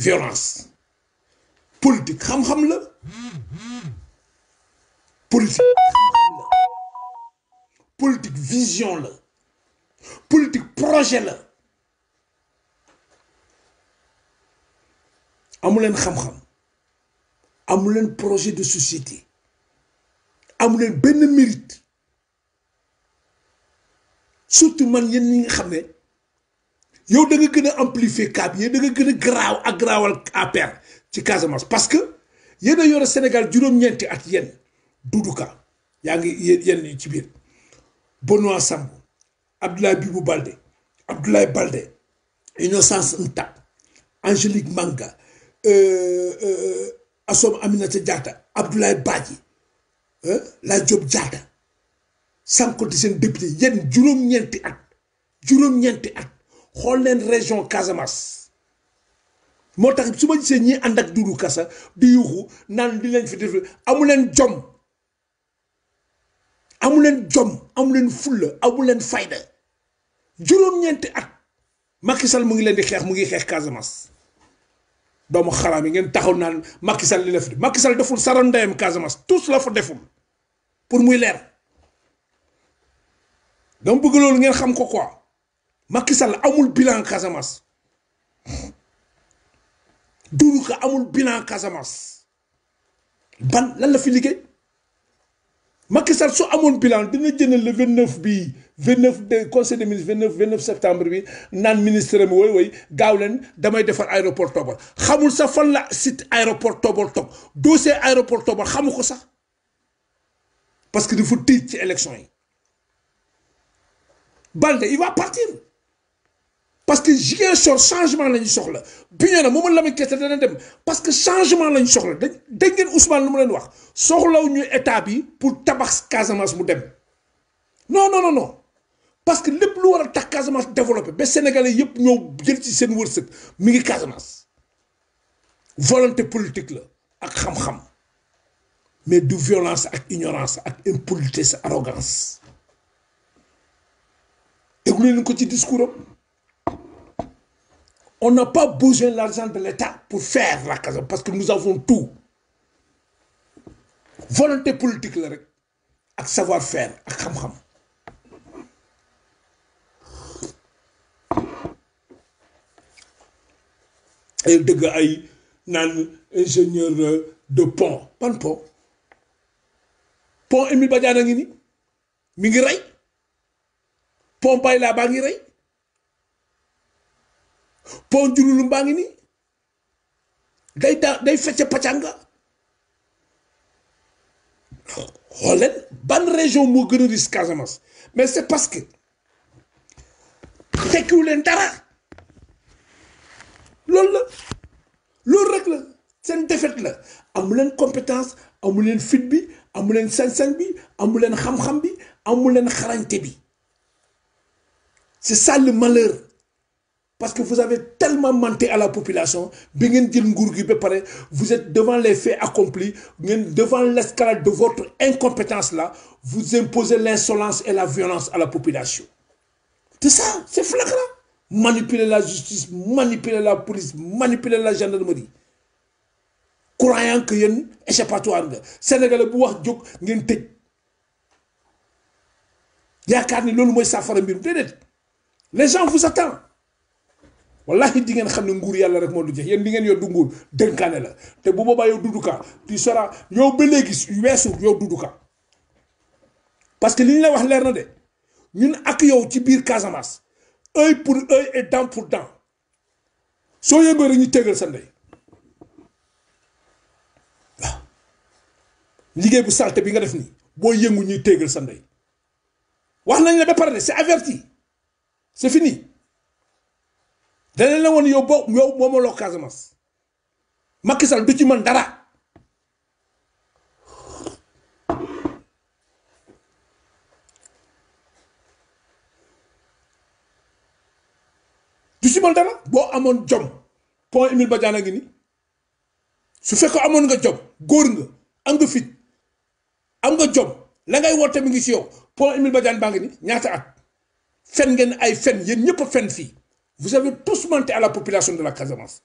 violence politique xam-xam la politique politique vision la politique projet la amuleen xam-xam amuleen projet de société amuleen benn mérite surtout man yéen ñi nga xam ne yow da gën a amplifier cas bi yéen gën a garaaw ak garaawal APR ci Casamance parce que yéen a yore Sénégal juróom-ñeenti at yéen Doudou yaa ngi yéen ci biir. Benoît Sambou Abdoulaye Bibou Baldé Abdoulaye Baldé Innocence Ntab Angélique Manga euh, euh, Assom Aminata Diatta Abdoulaye Badji Lat Diop Diatta sans compter seen député yenn juróom-ñeenti at juróom-ñeenti at xool leen région Casamance moo tax su ma gisee ñii ànd ak Doudou kasa di yuuxu naan li leen fi def amu leen jom amu leen jom amu fulla amu leen fayda juróom-ñeenti at makisal mu ngi leen di xeex mu ngi xeex Casamance doomu xaraam yi ngeen taxaw naan Macky Sall li la fi Macky Sall deful sara ndeyam Casamance tous la fa deful pour muy leer dama bëgg loolu ngeen xam ko quoi Macky Sall amul bilan Casamance Doudou Ka amul bilan Casamance ban lan fi liggéey. Macky Sall su amoon bilan dina jënd le vingt neuf bii vingt neuf de conseil des ministres vingt neuf septembre bi naan ministre mi woy woy gaaw leen damay defar aéroport Tobol xamul sax fan la site aéroport Tobol toog dossier aéroport Tobol xamu ko sax parce que dafa tiit ci élection yi Balde il va partir. parce que Ziguinchor changement la ñu soxla Bignona moom Lamine Keita dana dem parce que changement la soxla da dégg ngeen Ousmane lu ma leen wax soxlaw ñu état bi pour tabax Casamance mu dem non non non non parce que lépp lu war a tax Casamance développé ba Sénégalais yëpp ñoo jël ci seen wërsëg mi ngi Casamance volonté politique la ak xam-xam mais du violence ak ignorance ak impolitesse arrogance déglu leen ko ci discours On n'a pas besoin de l'argent de l'État pour faire la Casa parce que nous avons tout. Volonté politique, rek avec savoir-faire, avec xam-xam. ay dëgg ay naan ingénieur de pont ban pont pont Émile Badiane a ngi ni mi ngi rey pont Bayla baa ngi rey pont jululu mbaa ngi nii day daa day fecce pacanga xool leen ban région moo gën a risque Casamance mais c'est parce que tekkiwu leen dara loolu la loolu rek la seen défaite la amu leen compétence amu leen fit bi amu leen sañ-sañ bi amu leen xam-xam bi amu leen xarañte bi c'est ça le malheur parce que vous avez tellement menti à la population bi ngeen jël nguur gi ba pare vous êtes devant les faits accomplis ngeen devant l'escalade de votre incompétence là vous imposez l'insolence et la violence à la population c'est ça c'est flagrant manipuler la justice manipuler la police manipuler la gendarmerie croyant que yéen échappatoire nga sénégalais bu wax jóg ngeen tëj yaakaar ni loolu mooy saafara mbirum déedéet les gens vous attendent wallahi di ngeen xam ne nguur yàlla rek moo du jeex yéen di ngeen yor du nguur dënkaane la te bu boobaa yow Doudou Ka tu yow ba léegi weesu yow Doudou Ka parce que li ñu la wax leer na de ñun ak yow ci biir Casamance œil pour œil et dent pour dent soo yëngoo rek ñu tegal sa ndey liggéey bu salte bi nga def nii boo yëngu ñuy tegal sa ndey wax nañ la ba pare de c'est averti c'est fini. danañ la woon yow boo yow moom loo Casamance Macky du ci mën dara du ci mën dara boo amoon jom point ba Badiane a ngi ni su fekkee amoon nga jom góor nga am nga fit am nga jom la ngay woote mu ngi ci yow point ba Badiane baa ngi ni ñaata at fen ngeen ay fen yéen ñëpp a fen fii. vous avez tous menti à la population de la Casamance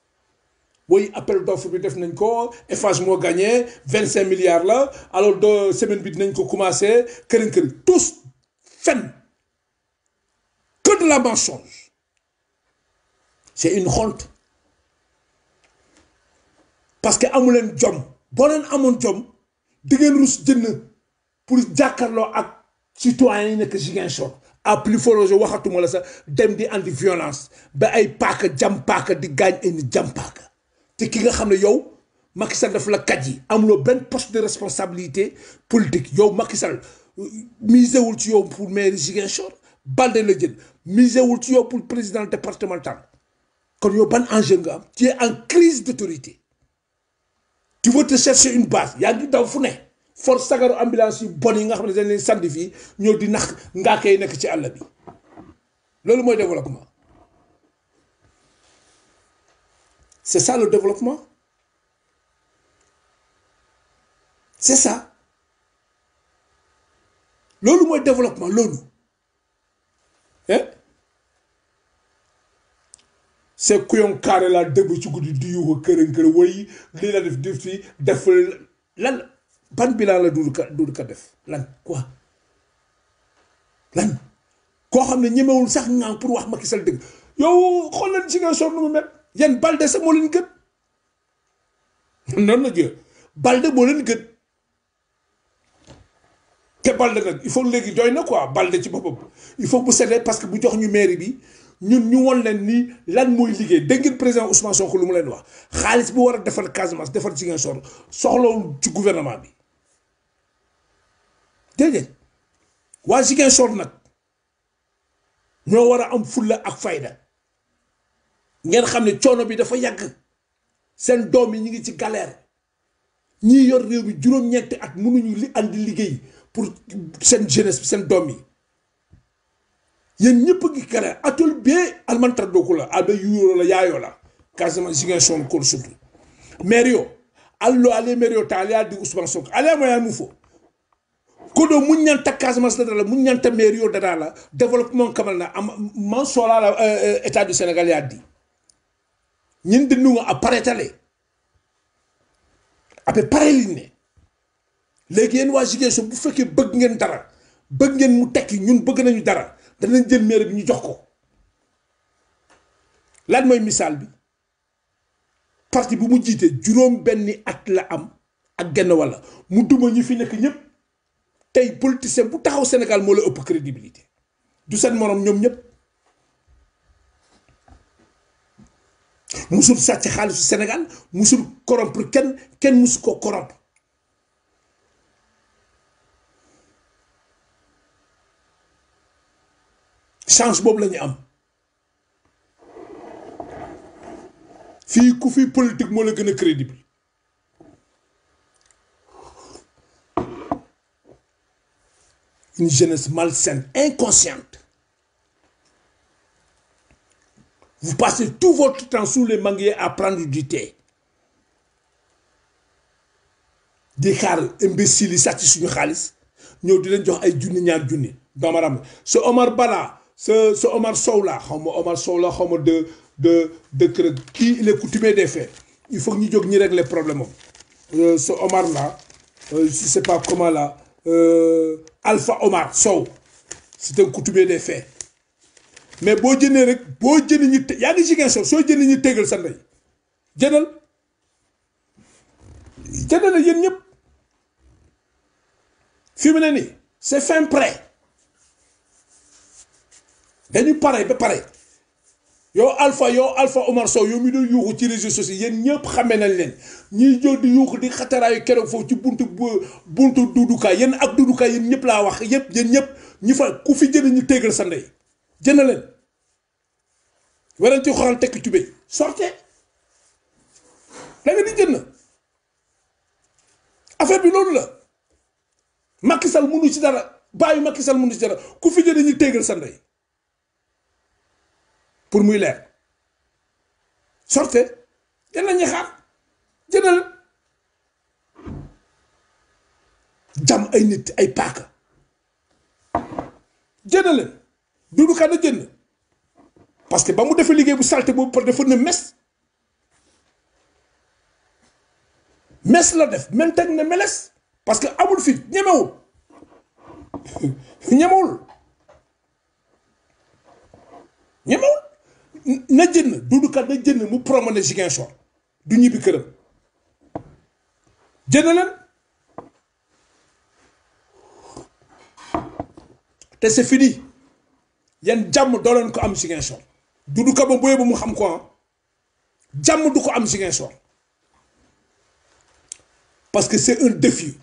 woy appel d'offre bi def nañ ko Eiffage moo gagné vingt cinq milliards la alors de semaine bi dinañ ko commencé këriñ këriñ tous fen que de la mensonge c'est une honte parce que amu leen jom boo leen amoon jom di rus jënd pour jàkkarloo ak citoyens yi nekk Ziguinchor à plus fort raison waxatuma la sax dem di andi violence ba ay paaka jam paaka di gaañ ay nit jam paaka te ki nga xam ne yow Macky Sall daf la kaj yi amuloo benn poste de responsabilité politique yow Macky Sall misé wul ci yow pour maire Ziguinchor Balde la jël misé wul ci yow pour président départemental kon yow ban enjeu nga am tu es en crise d'autorité tu veux te chercher une base yaa ngi daw fu ne for sagaro ambulance yu bon yi nga xam ne dañ leen sandi fii ñëw di nax ngaaka yi nekk ci àll loolu mooy développement c'est ça le ça loolu mooy développement loolu eh c'est kuyon kaare laa dëbb ci guddi di yuuxu këran kër wëy lii la def def fii def lan ban bilan la Doudou Ka Doudou Ka def lan quoi lan koo xam ne ñemewul sax ngaa pour wax Macky Sall dëgg yow xool leen si nga soog nu mu mel yan Balde sax moo leen gën noonu la jë gën te Balde nag il faut léegi doy na quoi Balde ci bopp il faut bu setee parce que bu jox ñu mairie bi ñun ñu won leen nii lan mooy liggéey dégg ngeen président Ousmane Sonko lu mu leen wax xaalis bu war a defar Casamance defar Ziguinchor soxlawul ci gouvernement bi. déedéet waa Ziguinchor nag ñoo war a am fulla ak fayda ngeen xam ne coono bi dafa yàgg seen doom yi ñu ngi ci galère ñii yor réew mi juróom-ñeenti at mënuñu li andi liggéey pour seen jeunesse bi seen doom yi yéen ñëpp a ngi galère atul bee almantadooku la abe yuuroo la yaayoo la Casamance Ziguinchor Kolda surtout maire yoo allo ale maire yoo ta aliyaa di Ousmane mu fo mu koɗo muññanta casemasdadala muññanta maire yo dadala développement am man solala euh, euh, état du sénégal yaddi ñinde nuga a paretale aɓe parelinne léegi yéen waa jigéen so bu fekkee bëgg ngeen dara bëgg ngeen mu tekki ñun bëgg nañu dara danañ jël maire bi ñu jox ko lan mooy misaal bi parti bu mu jiitee juróom benni at la am ak genn walla mu duma ñu fi nekk ñëpp tey politicien bu taxaw Sénégal moo la ëpp crédibilité du seen moroom ñoom ñëpp musul sàcc xaalisu Sénégal musul corrompre kenn kenn musu ko corrompre chance boobu la ñu am fii ku fi politique moo la gën a crédible une jeunesse malsaine, inconsciente. Vous passez tout votre temps sous les manguiers à prendre du thé. di xaar imbécile yi sàcc suñu xaalis ñëw di leen jox ay junni ñaar junni doomu aadama Omar Bala sa sa Omar Sow la xaw ma Omar Sow la xaw ma de de de kii il est coutumier des faits il faut que ñu jóg ñu régler problème am euh, Omar la euh, je sais pas comment la Euh, Alpha Omar Sow c'est un coutumier des faits mais boo jëndee rek boo jënd ñu te yaa ngi jigéen sow soo jënd ñu tégal sa ndey jëndal jëndal ak yéen ñëpp fi mu ne nii c'est fin prêt dañuy pare ba pare. yow alfa yow Alpha Omar Sow yow mi doon yuuxu ci réseaux sociaux yéen ñëpp xame nañ leen ñiy jóg di yuuxu di xataraayu keroog foofu ci buntu buntu dudukaay yéen ak dudukaay yéen ñëpp laa wax yëpp yéen ñëpp ñi fa ku fi jënd ñu téegal sa ndey jënd leen werante ci xoral tekki tubéy sortez affaire bi loolu la Macky Sall mënu ci dara bàyyi Macky Sall mënu ci dara ku fi jënd ñu téegal sa ndey. pour muy leer sortez yan la ñuy xaar jëndal jam ay nit ay paaka jëndale Doudou Ka na jënd parce que ba mu defee liggéey bu salté boobu par dafa ne mes mes la def même teg na meles parce que amul fi ñemewul ñemewul ñemewul na jënd Doudou Ka na jënd mu promené Ziguinchor du ñibbi këram jënd leen te c'est fini yan jàmm doo leen ko am Ziguinchor Doudou Ka ba booyee ba mu xam ko ah. jàmm du ko am Ziguinchor parce que c'est un défi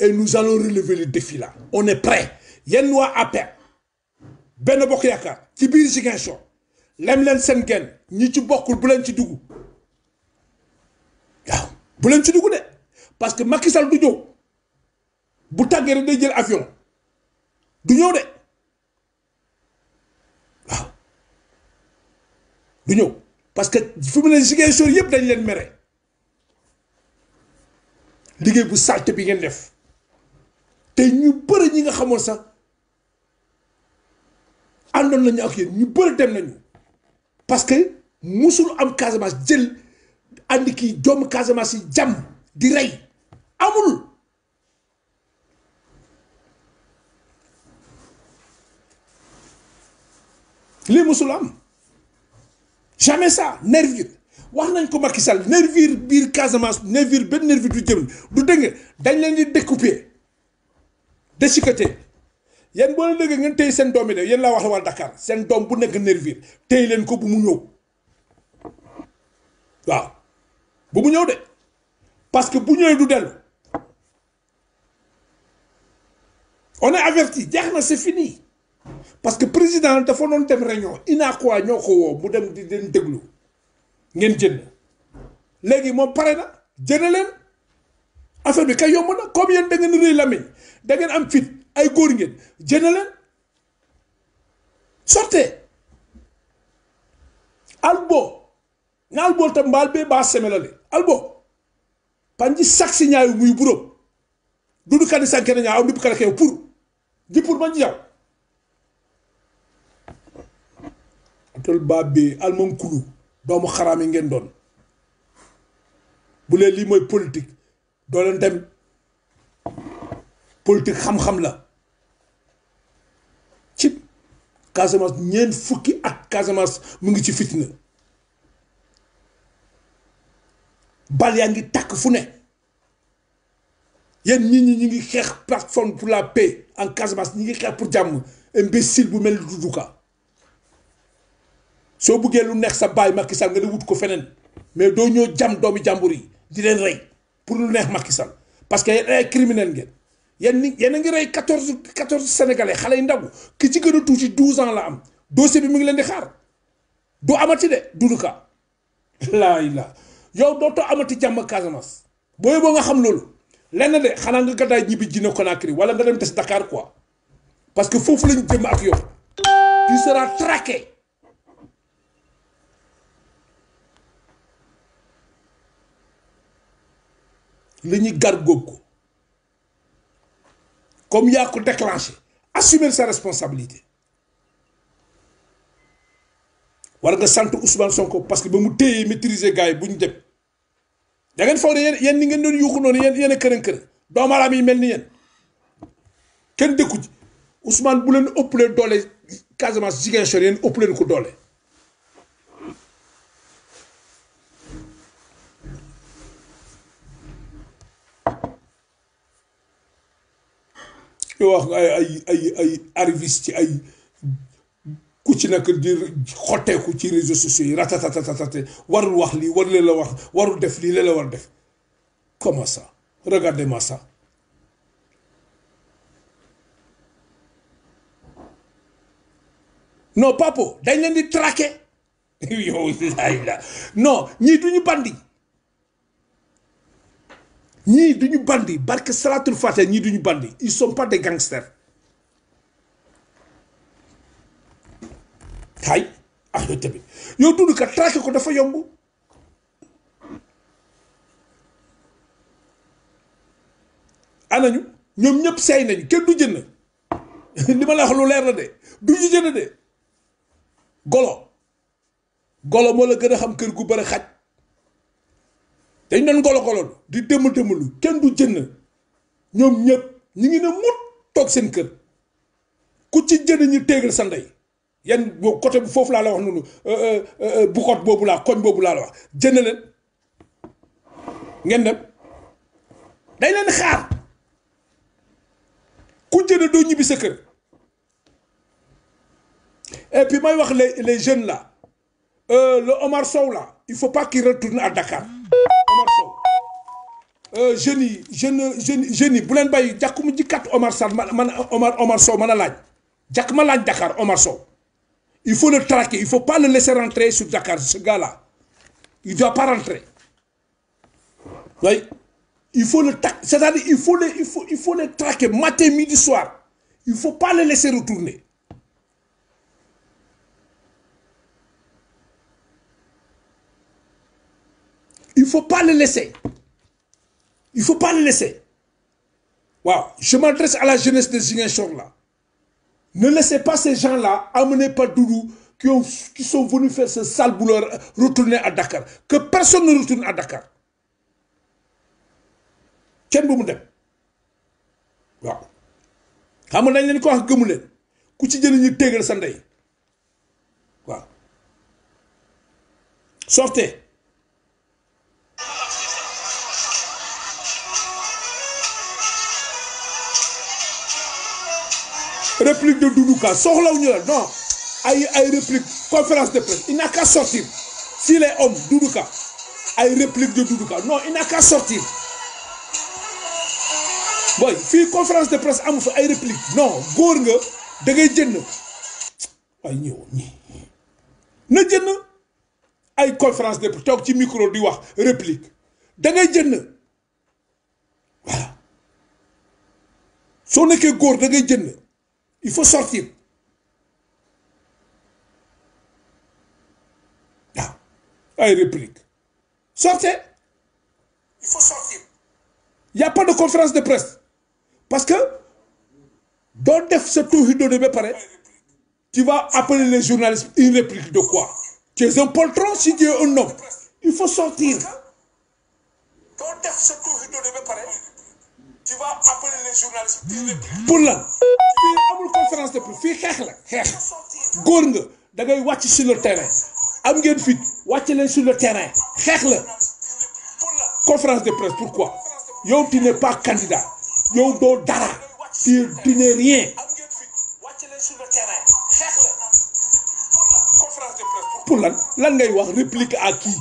et nous allons relever le défi là on est prêt yan waa APR benn bokk yaakaar ci biir Ziguinchor lem leen seen genn ñi ci bokkul bu leen ci dugg waaw bu leen ci dugg de parce que Macky Sall du ñëw bu tàggee rek day jël avion du ñëw de waaw du ñëw parce que fi mu ne Ziguinchor yëpp dañ leen mere liggéey bu salte bi ngeen def te ñu bëri ñi nga xamoon sax àndoon nañu ak yéen ñu bëri dem nañu. parce que musul am Casamance jël andi kii doomu Casamance yi jàmm di rey amul lii musul am jamais sax nervir wax nañ ko Macky Sall nervir biir Casamance nervir benn nervir du jëm du dégg dañ leen di découper déchiqueter yéen boo leen dëgg ngeen téy seen doom yi de yéen laa wax waa dakaar seen doom bu nekk nervir téy leen ko bu mu ñëw waaw bu mu ñëw de parce que bu ñëwee du dellu on est averti jeex na c'est fini parce que président dafa doon dem réunion inaakuwaa ñoo ko woo mu dem di leen déglu ngeen jënd léegi moom pare na jën leen affaire bi kay yomb na comme yéen da ngeen rëy lamiñ da ngeen am fit. ay góor ngeen jënd leen sortez albo na albol ta mbaal bee baa semelale albo panji saksi ñaayu muy buróom dudu kadi sankene ñaaw ndipp kala kew pour di pour man jaw atol baa bee alman doomu xaraam yi ngeen doon bu leen lii mooy politique doo leen dem politique xam-xam la ci Casamance ñeent fukki ak Casamance mu ngi ci fitna bal yaa ngi tàkk fu ne yéen nit ñi ñu ngi xeex plateforme pour la paix en Casamance ñu ngi xeex pour jàmm imbécile bu mel ni Doudou soo buggee lu neex sa baay Macky Sall nga di wut ko feneen mais doo ñëw jam doomi jàmbur yi di leen rey pour lu neex Macky Sall parce que ay criminel ngeen yéen ni yéen a ngi rey quatorze quatorze sénégalais xale yu ndaw ki ci gën a tuuti douze ans la am dossier bi mu ngi leen di xaar du amati de Doudou Ka laa la yow dootoo amati jàmm Casamance booy boo nga xam loolu lenn de xanaa nga gàddaay ñibbi Guinée Conakry wala nga dem des Dakar quoi parce que foofu lañu jëm ak yow tu seras traqué li gar góob ko comme yaa ko déclenché assumer sa responsabilité war nga sant Ousmane Sonko parce que ba mu téyee maîtriser gars yi bu ñu dem da ngeen foog ne yéen yéen ngeen doon yuuxu noonu yéen yéen a kërën kërën doomu aadama yi mel ni yéen kenn dëkku ji Ousmane bu leen ëpp leen doole Casamance Ziguinchor yéen ëpp leen ko doole. yoo wax ay ay ay ay arriviste ci ay ku ci nekk di xotteeku ci réseaux sociaux yi ratatatatate warul wax lii war leen la wax warul def lii leen la war def comment ça regardez-moi ça non papo dañ leen di traqué yow laay la non ñii duñu bandi ñii duñu bandi barke salatul fatiha ñii duñu bandi ils sont pas des gangsters hay ah yooyu tamit yow dund ka traqué ko dafa yomb anañu ñoom ñëpp seey nañu kenn du jënd li ma la lu leer la de du ñu jënd de golo golo moo la gën a xam kër gu bëri xaj dañ doon golo-golo di dëmmal dëmmalu kenn du jënd ñoom ñëpp ñu ngi ne mut toog seen kër ku ci jënd ñu téegal sa ndey yan boobu côté foofu laa la wax noonu euh, euh, euh, bu boobu laa koñ boobu laa la wax jënd leen ngeen dem dañ leen xaar ku jënd doo ñibbi sa kër et may wax le les jeunes la le Omar Sow là il faut pas qu'il retourne à Dakar. Omar Sow euh, jeunes yi jeunes jeunes jeunes yi bu leen bàyyi jàkku mu jikkat Omar Sall man man Omar laaj jàkk ma laaj Dakar omarso il faut le traquer il faut pas le laisser rentrer sur Dakar ce gars il doit pas rentrer oui il faut le ta c'est-à-dire il faut le il faut il faut le traquer matin midi soir il faut pas le laisser retourner. il faut pas le laisser il faut pas le laisser waaw je m'adresse à la jeunesse de Ziguinchor là ne laissez pas ces gens là amenés par Doudou qui ont qui sont venus faire sale boulot retourner à Dakar que personne ne retourne à Dakar kenn bu dem waaw xam nga dañ leen ko wax gëmu ku ci jëli ñu téegal sa ndey waaw sortez réplique de Doudouka ñu la non ay ay réplique conférence de presse i n'a qu'à sortir s'il est homme Doudouka ay réplique de Doudouka non il n'a sortir boy fii conférence de presse amu fa ay réplique non góor nga dangay ngay jënd ay ñëw ñi na jënd ay conférence de presse toog ci micro di wax réplique da ngay jënd soo nekkee góor da ngay jënd Il faut sortir. Ah, elle réplique. Sortez. n'y a pas de conférence de presse. Parce que, dans ce tour de pareil, tu vas appeler les journalistes une réplique de quoi Tu es un poltron si tu es un homme. Il faut sortir. tu vas appeler les hmm. pour lan fii amul conférence de presse fii xeex la xeex góor nga dangay wàcc sur le terrain am ngeen fit wàcc leen sur le terrain xeex la conférence de presse pourquoi yow tu n'es pas candidat yow doo dara tu tu n'es rien pour lan lan ngay wax réplique à kii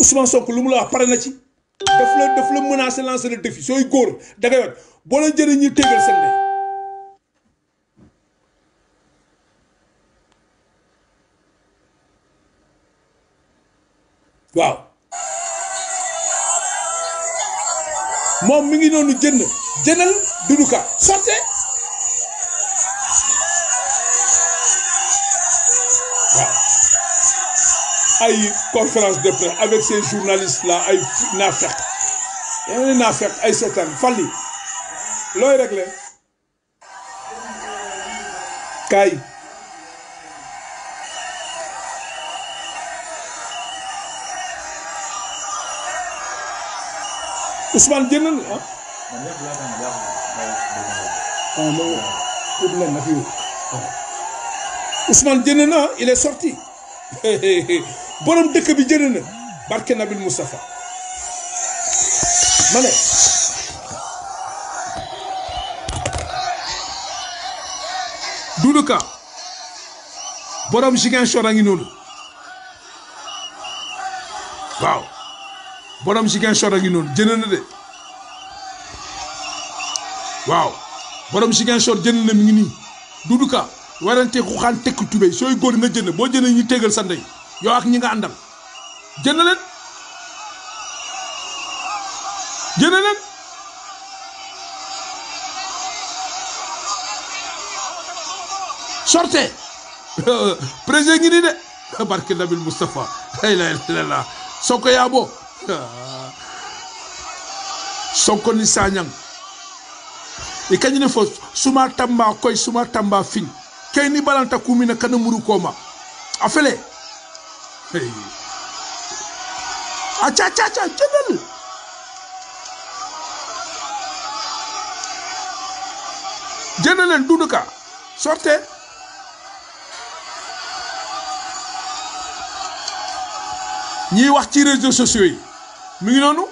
Ousmane Sonko lu mu la wax pare na ci daf la daf la menacer lancer le défi sooy góor da ngay wax boo leen jëlee ñuy tégal seen waaw moom mu ngi noonu jën jëndal duduka sotte ay conférence de avec ces journalistes là ay naafeq ay seetaan falli looy réglé kaay ah. Ah, Ousmane génn na il est sorti. borom dëkk bi jënd na barke Nabil Moustapha ma ne Doudou Ka borom Ziguinchor a ngi noonu waaw borom Ziguinchor a ngi noonu jënd de waaw borom Ziguinchor jënd na mi ngi nii Doudou Ka warante xuxaan tekki tubéy sooy góor na jënd boo jënd ñu tegal sa yow ak ñi nga àndal jënd leen jënd leen sortez nii de barke nabil Moustapha ay la la la Sonko yaa boo Sonko ni sañang i kañine fo suma tamba koy suma tamba fin kay ni balanta kumina kana muru koma afele aca aca aca jëlal Ka sortez ñiy wax ci réseaux sociaux yi mu ngi noonu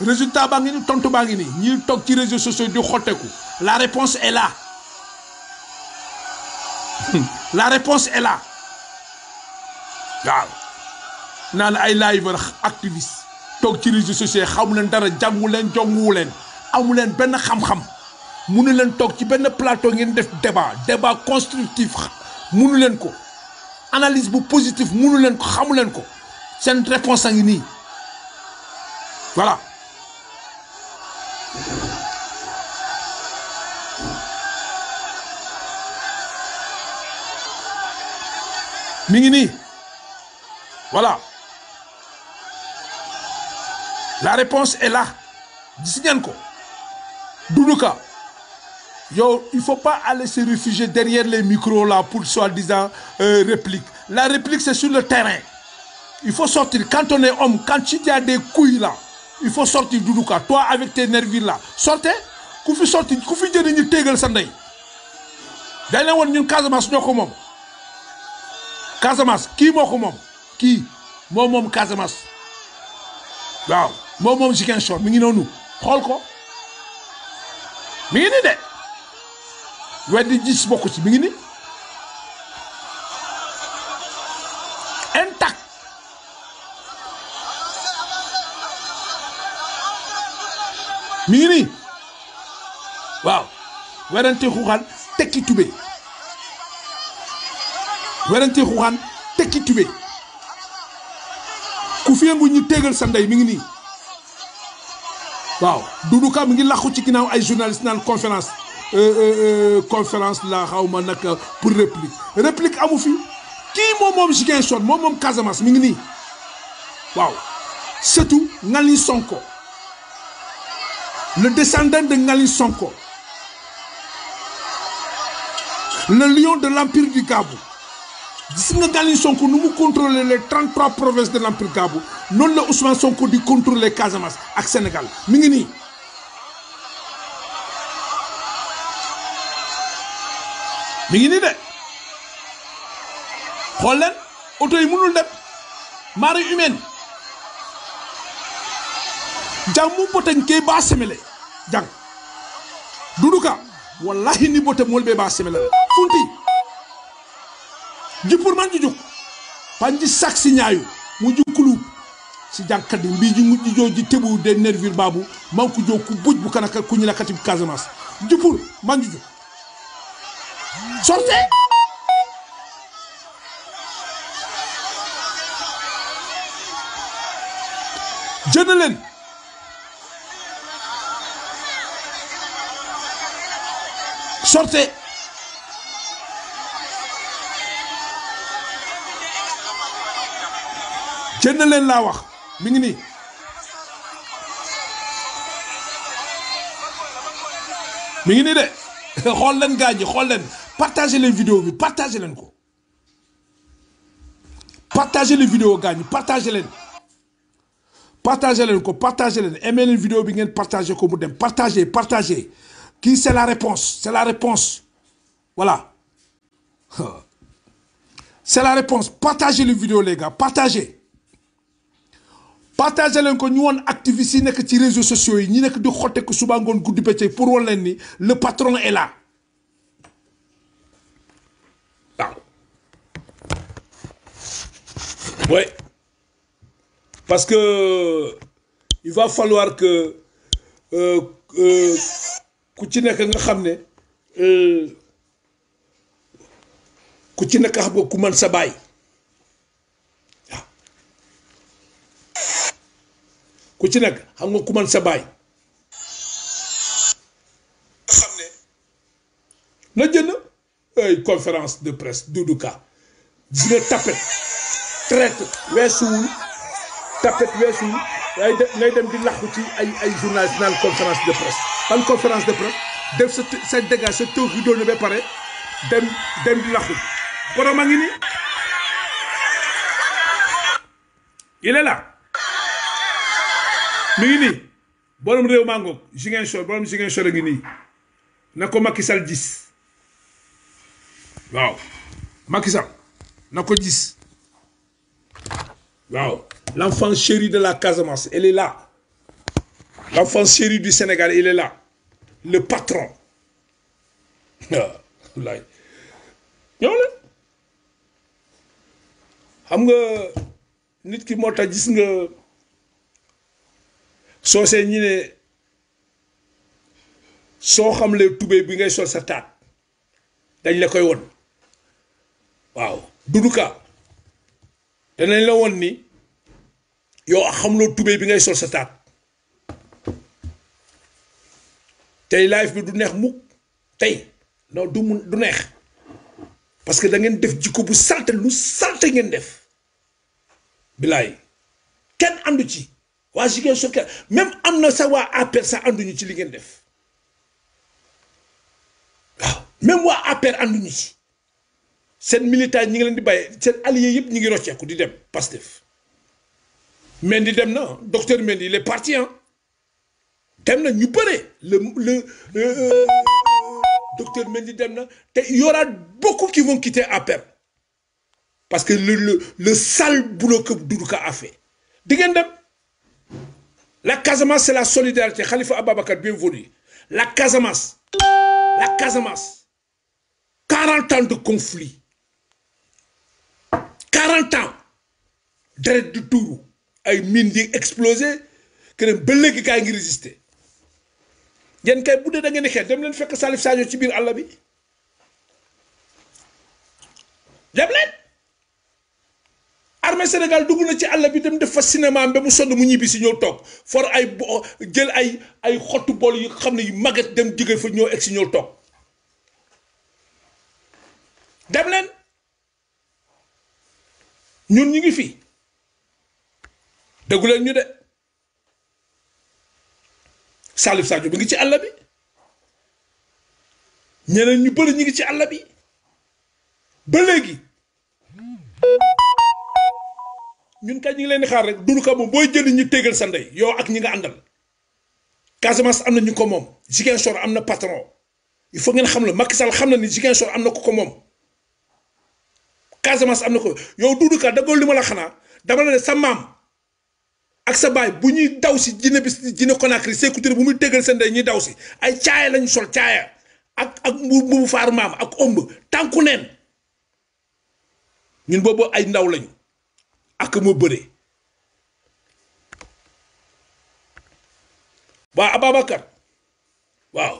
résultat baa ngi ni tontu baa ngi nii ñiy toog ci réseaux sociaux di xotteku la réponse est là la réponse est là waaw naan ay live activiste toog ci réseaux sociaux xamu dara jàngu leen jonguwu leen amu benn xam-xam munu leen toog ci benn plateau ngeen def débat débat constructif munu leen ko analyse bu positif munu leen ko xamu leen ko seen réponse a ngi nii voilà mi ngi nii voilà la réponse est là gis ngeen ko Doudou Ka yow il faut pas aller se réfugier derrière les micro la pour soi-disant euh, réplique la réplique c'est sur le terrain il faut sortir quand on est homme quand tu as des couilles là il faut sortir Doudou Ka toi avec tes nervis là sortez ku fi sorti ku fi jëriñ ñu téegal sa ndey dañ leen woon ñun Casamance ñoo ko moom Casamance kii waaw moom moom Ziguinchor mi ngi noonu xool ko mi ngi nii de weddi gis bokku ci mi ngi ni intact mi ngi nii waaw werante xuuxaan tekki tube werante xuuxaan tekki tube ku fi yëngu ñu téegal sa mi ngi nii waaw Doudou Ka mu ngi laxu ci ginnaaw ay journaliste naan conférence euh, euh, euh, conférence la xaw ma nag pour réplique réplique amu fi kii moom moom Ziguinchor moom moom Casamance mi ngi nii waaw surtout Ngaline Sonko le descendant de Ngaline Sonko le lion de l'empire du Gabou gis nga Daliñ Sonko nu mu contrôler les 33 provinces de l'empire Kabou noonu la Ousmane Sonko di contrôler Casamance ak Sénégal mi ngi nii. mi ngi nii de xool leen oto yi mënul dem marée humaine jàng mu boten kee baa semele jàng duduka wallahi ni bote mool bee baa semele funti jippur man jujuk panji saksi mu jukkulu si jànkadi mbiji mujji de nervure babu manku jo ku buj bu kanaka ku ñila man jujuk sorte jënd sorte jënd leen laa wax mi ngi nii mu ngi nii de xool leen gaañ yi xool leen partagé leen vidéo bi partagé leen ko partagé leen vidéo gaañ yi partagé leen partagé leen ko partagé leen aimé leen bi ngeen partagé ko mu dem partagé partagé kii c'est la réponse c'est la réponse voilà c'est la réponse partagez le vidéo les gars partagé leen ko ñu woon activistes yi nekk ci réseaux sociaux yi ñi nekk di xotteeku suba ngoon guddi bëccëg pour woon leen ni le patron est là waaw. parce que euh, il va falloir que euh, euh, ku ci nekk nga xam ne ku ci nekk xam nga ku mën sa baay. ku ci nekk xam nga ku man sa baay xam ne na jënd ay conférence de presse du Ka dina tapet traite weesuwul tapet weesuwul ngay dem ngay dem di laxu ci ay ay journaliste naan conférence de presse ban conférence de presse def sa sa dégâts sa taw bi doon na ba pare dem di laxu borom a ngi nii il est mi ngi nii borom réew maa ngoog Ziguinchor borom Ziguinchor a ngi na ko Macky Sall waaw Macky na ko gis waaw l'enfant chéri de la Casamance elle est là l'enfant chéri du Sénégal il est là le patron ah, wallaay ñëw la xam nga ki moo tax gis soo see ñi ne soo xamlee tubéy bi ngay sol sa taat dañ la koy won waaw duduka danañ la won ni yow xam xamloo tubéy bi ngay sol sa taat tey live bi du neex mukk tey non du mun du neex parce que da ngeen def jikko bu salte lu salte ngeen def bilaay kenn àndu ci waa jigéen soke même am na sax waa sa sax ànduñu ci li def waaw même waa APR ànduñu ci seen militant ñi ngi leen di bàyyi seen allié yëpp ñi ngi rocceeku di dem Pastef Mendy dem na docteur Mendy il est parti dem na ñu bëre le le euh, euh, docteur Mendy dem na te y aura beaucoup qui vont quitter APR parce que le le le sale boulot que Doudou Ka a di ngeen dem. La Casamance, c'est la solidarité. Khalifa Ababakar, bienvenue. La Casamance, la Casamance, 40 ans de conflit. 40 ans. Dret du Tourou. ay mine di explosé que ne ba léegi kaa ngi résister yéen kay bu dee da ngeen di xeex dem leen fekk Salif Sadio ci biir àll bi dem leen. armée Sénégal dugg na ci àll bi dem def fa cinéma ba mu sonn mu ñibbi si ñoo toog for ay bo jël ay ay xottu bool yu xam ne yu màgget dem jóge fa ñoo egg si ñoo toog dem ñun ñu ngi fii déggu leen ñu de Salif Sadio bi ngi ci àll bi ñeneen ñu bëri ñu ngi ci àll bi ba léegi. ñun kay ñu ngi leen di xaar rek Doudou Ka moom booy jënd ñu tégal sa ndey yow ak ñi nga àndal Casamance am na ñu ko moom Ziguinchor am na patron il faut ngeen xam la Macky Sall xam na ni Ziguinchor am na ko ko moom am na ko yow Doudou Ka daggoon li ma la xanaa dama la ne sa maam ak sa baay bu ñuy daw si Guinée bis Guinée Conakry Sékou Touré bu muy tégal sa ndey ñuy daw si ay caaya lañu sol caaya ak ak mbubu faar maam ak omb tànku neen ñun boobu ay ndaw lañu. ak ma bëree waa Ababacar waaw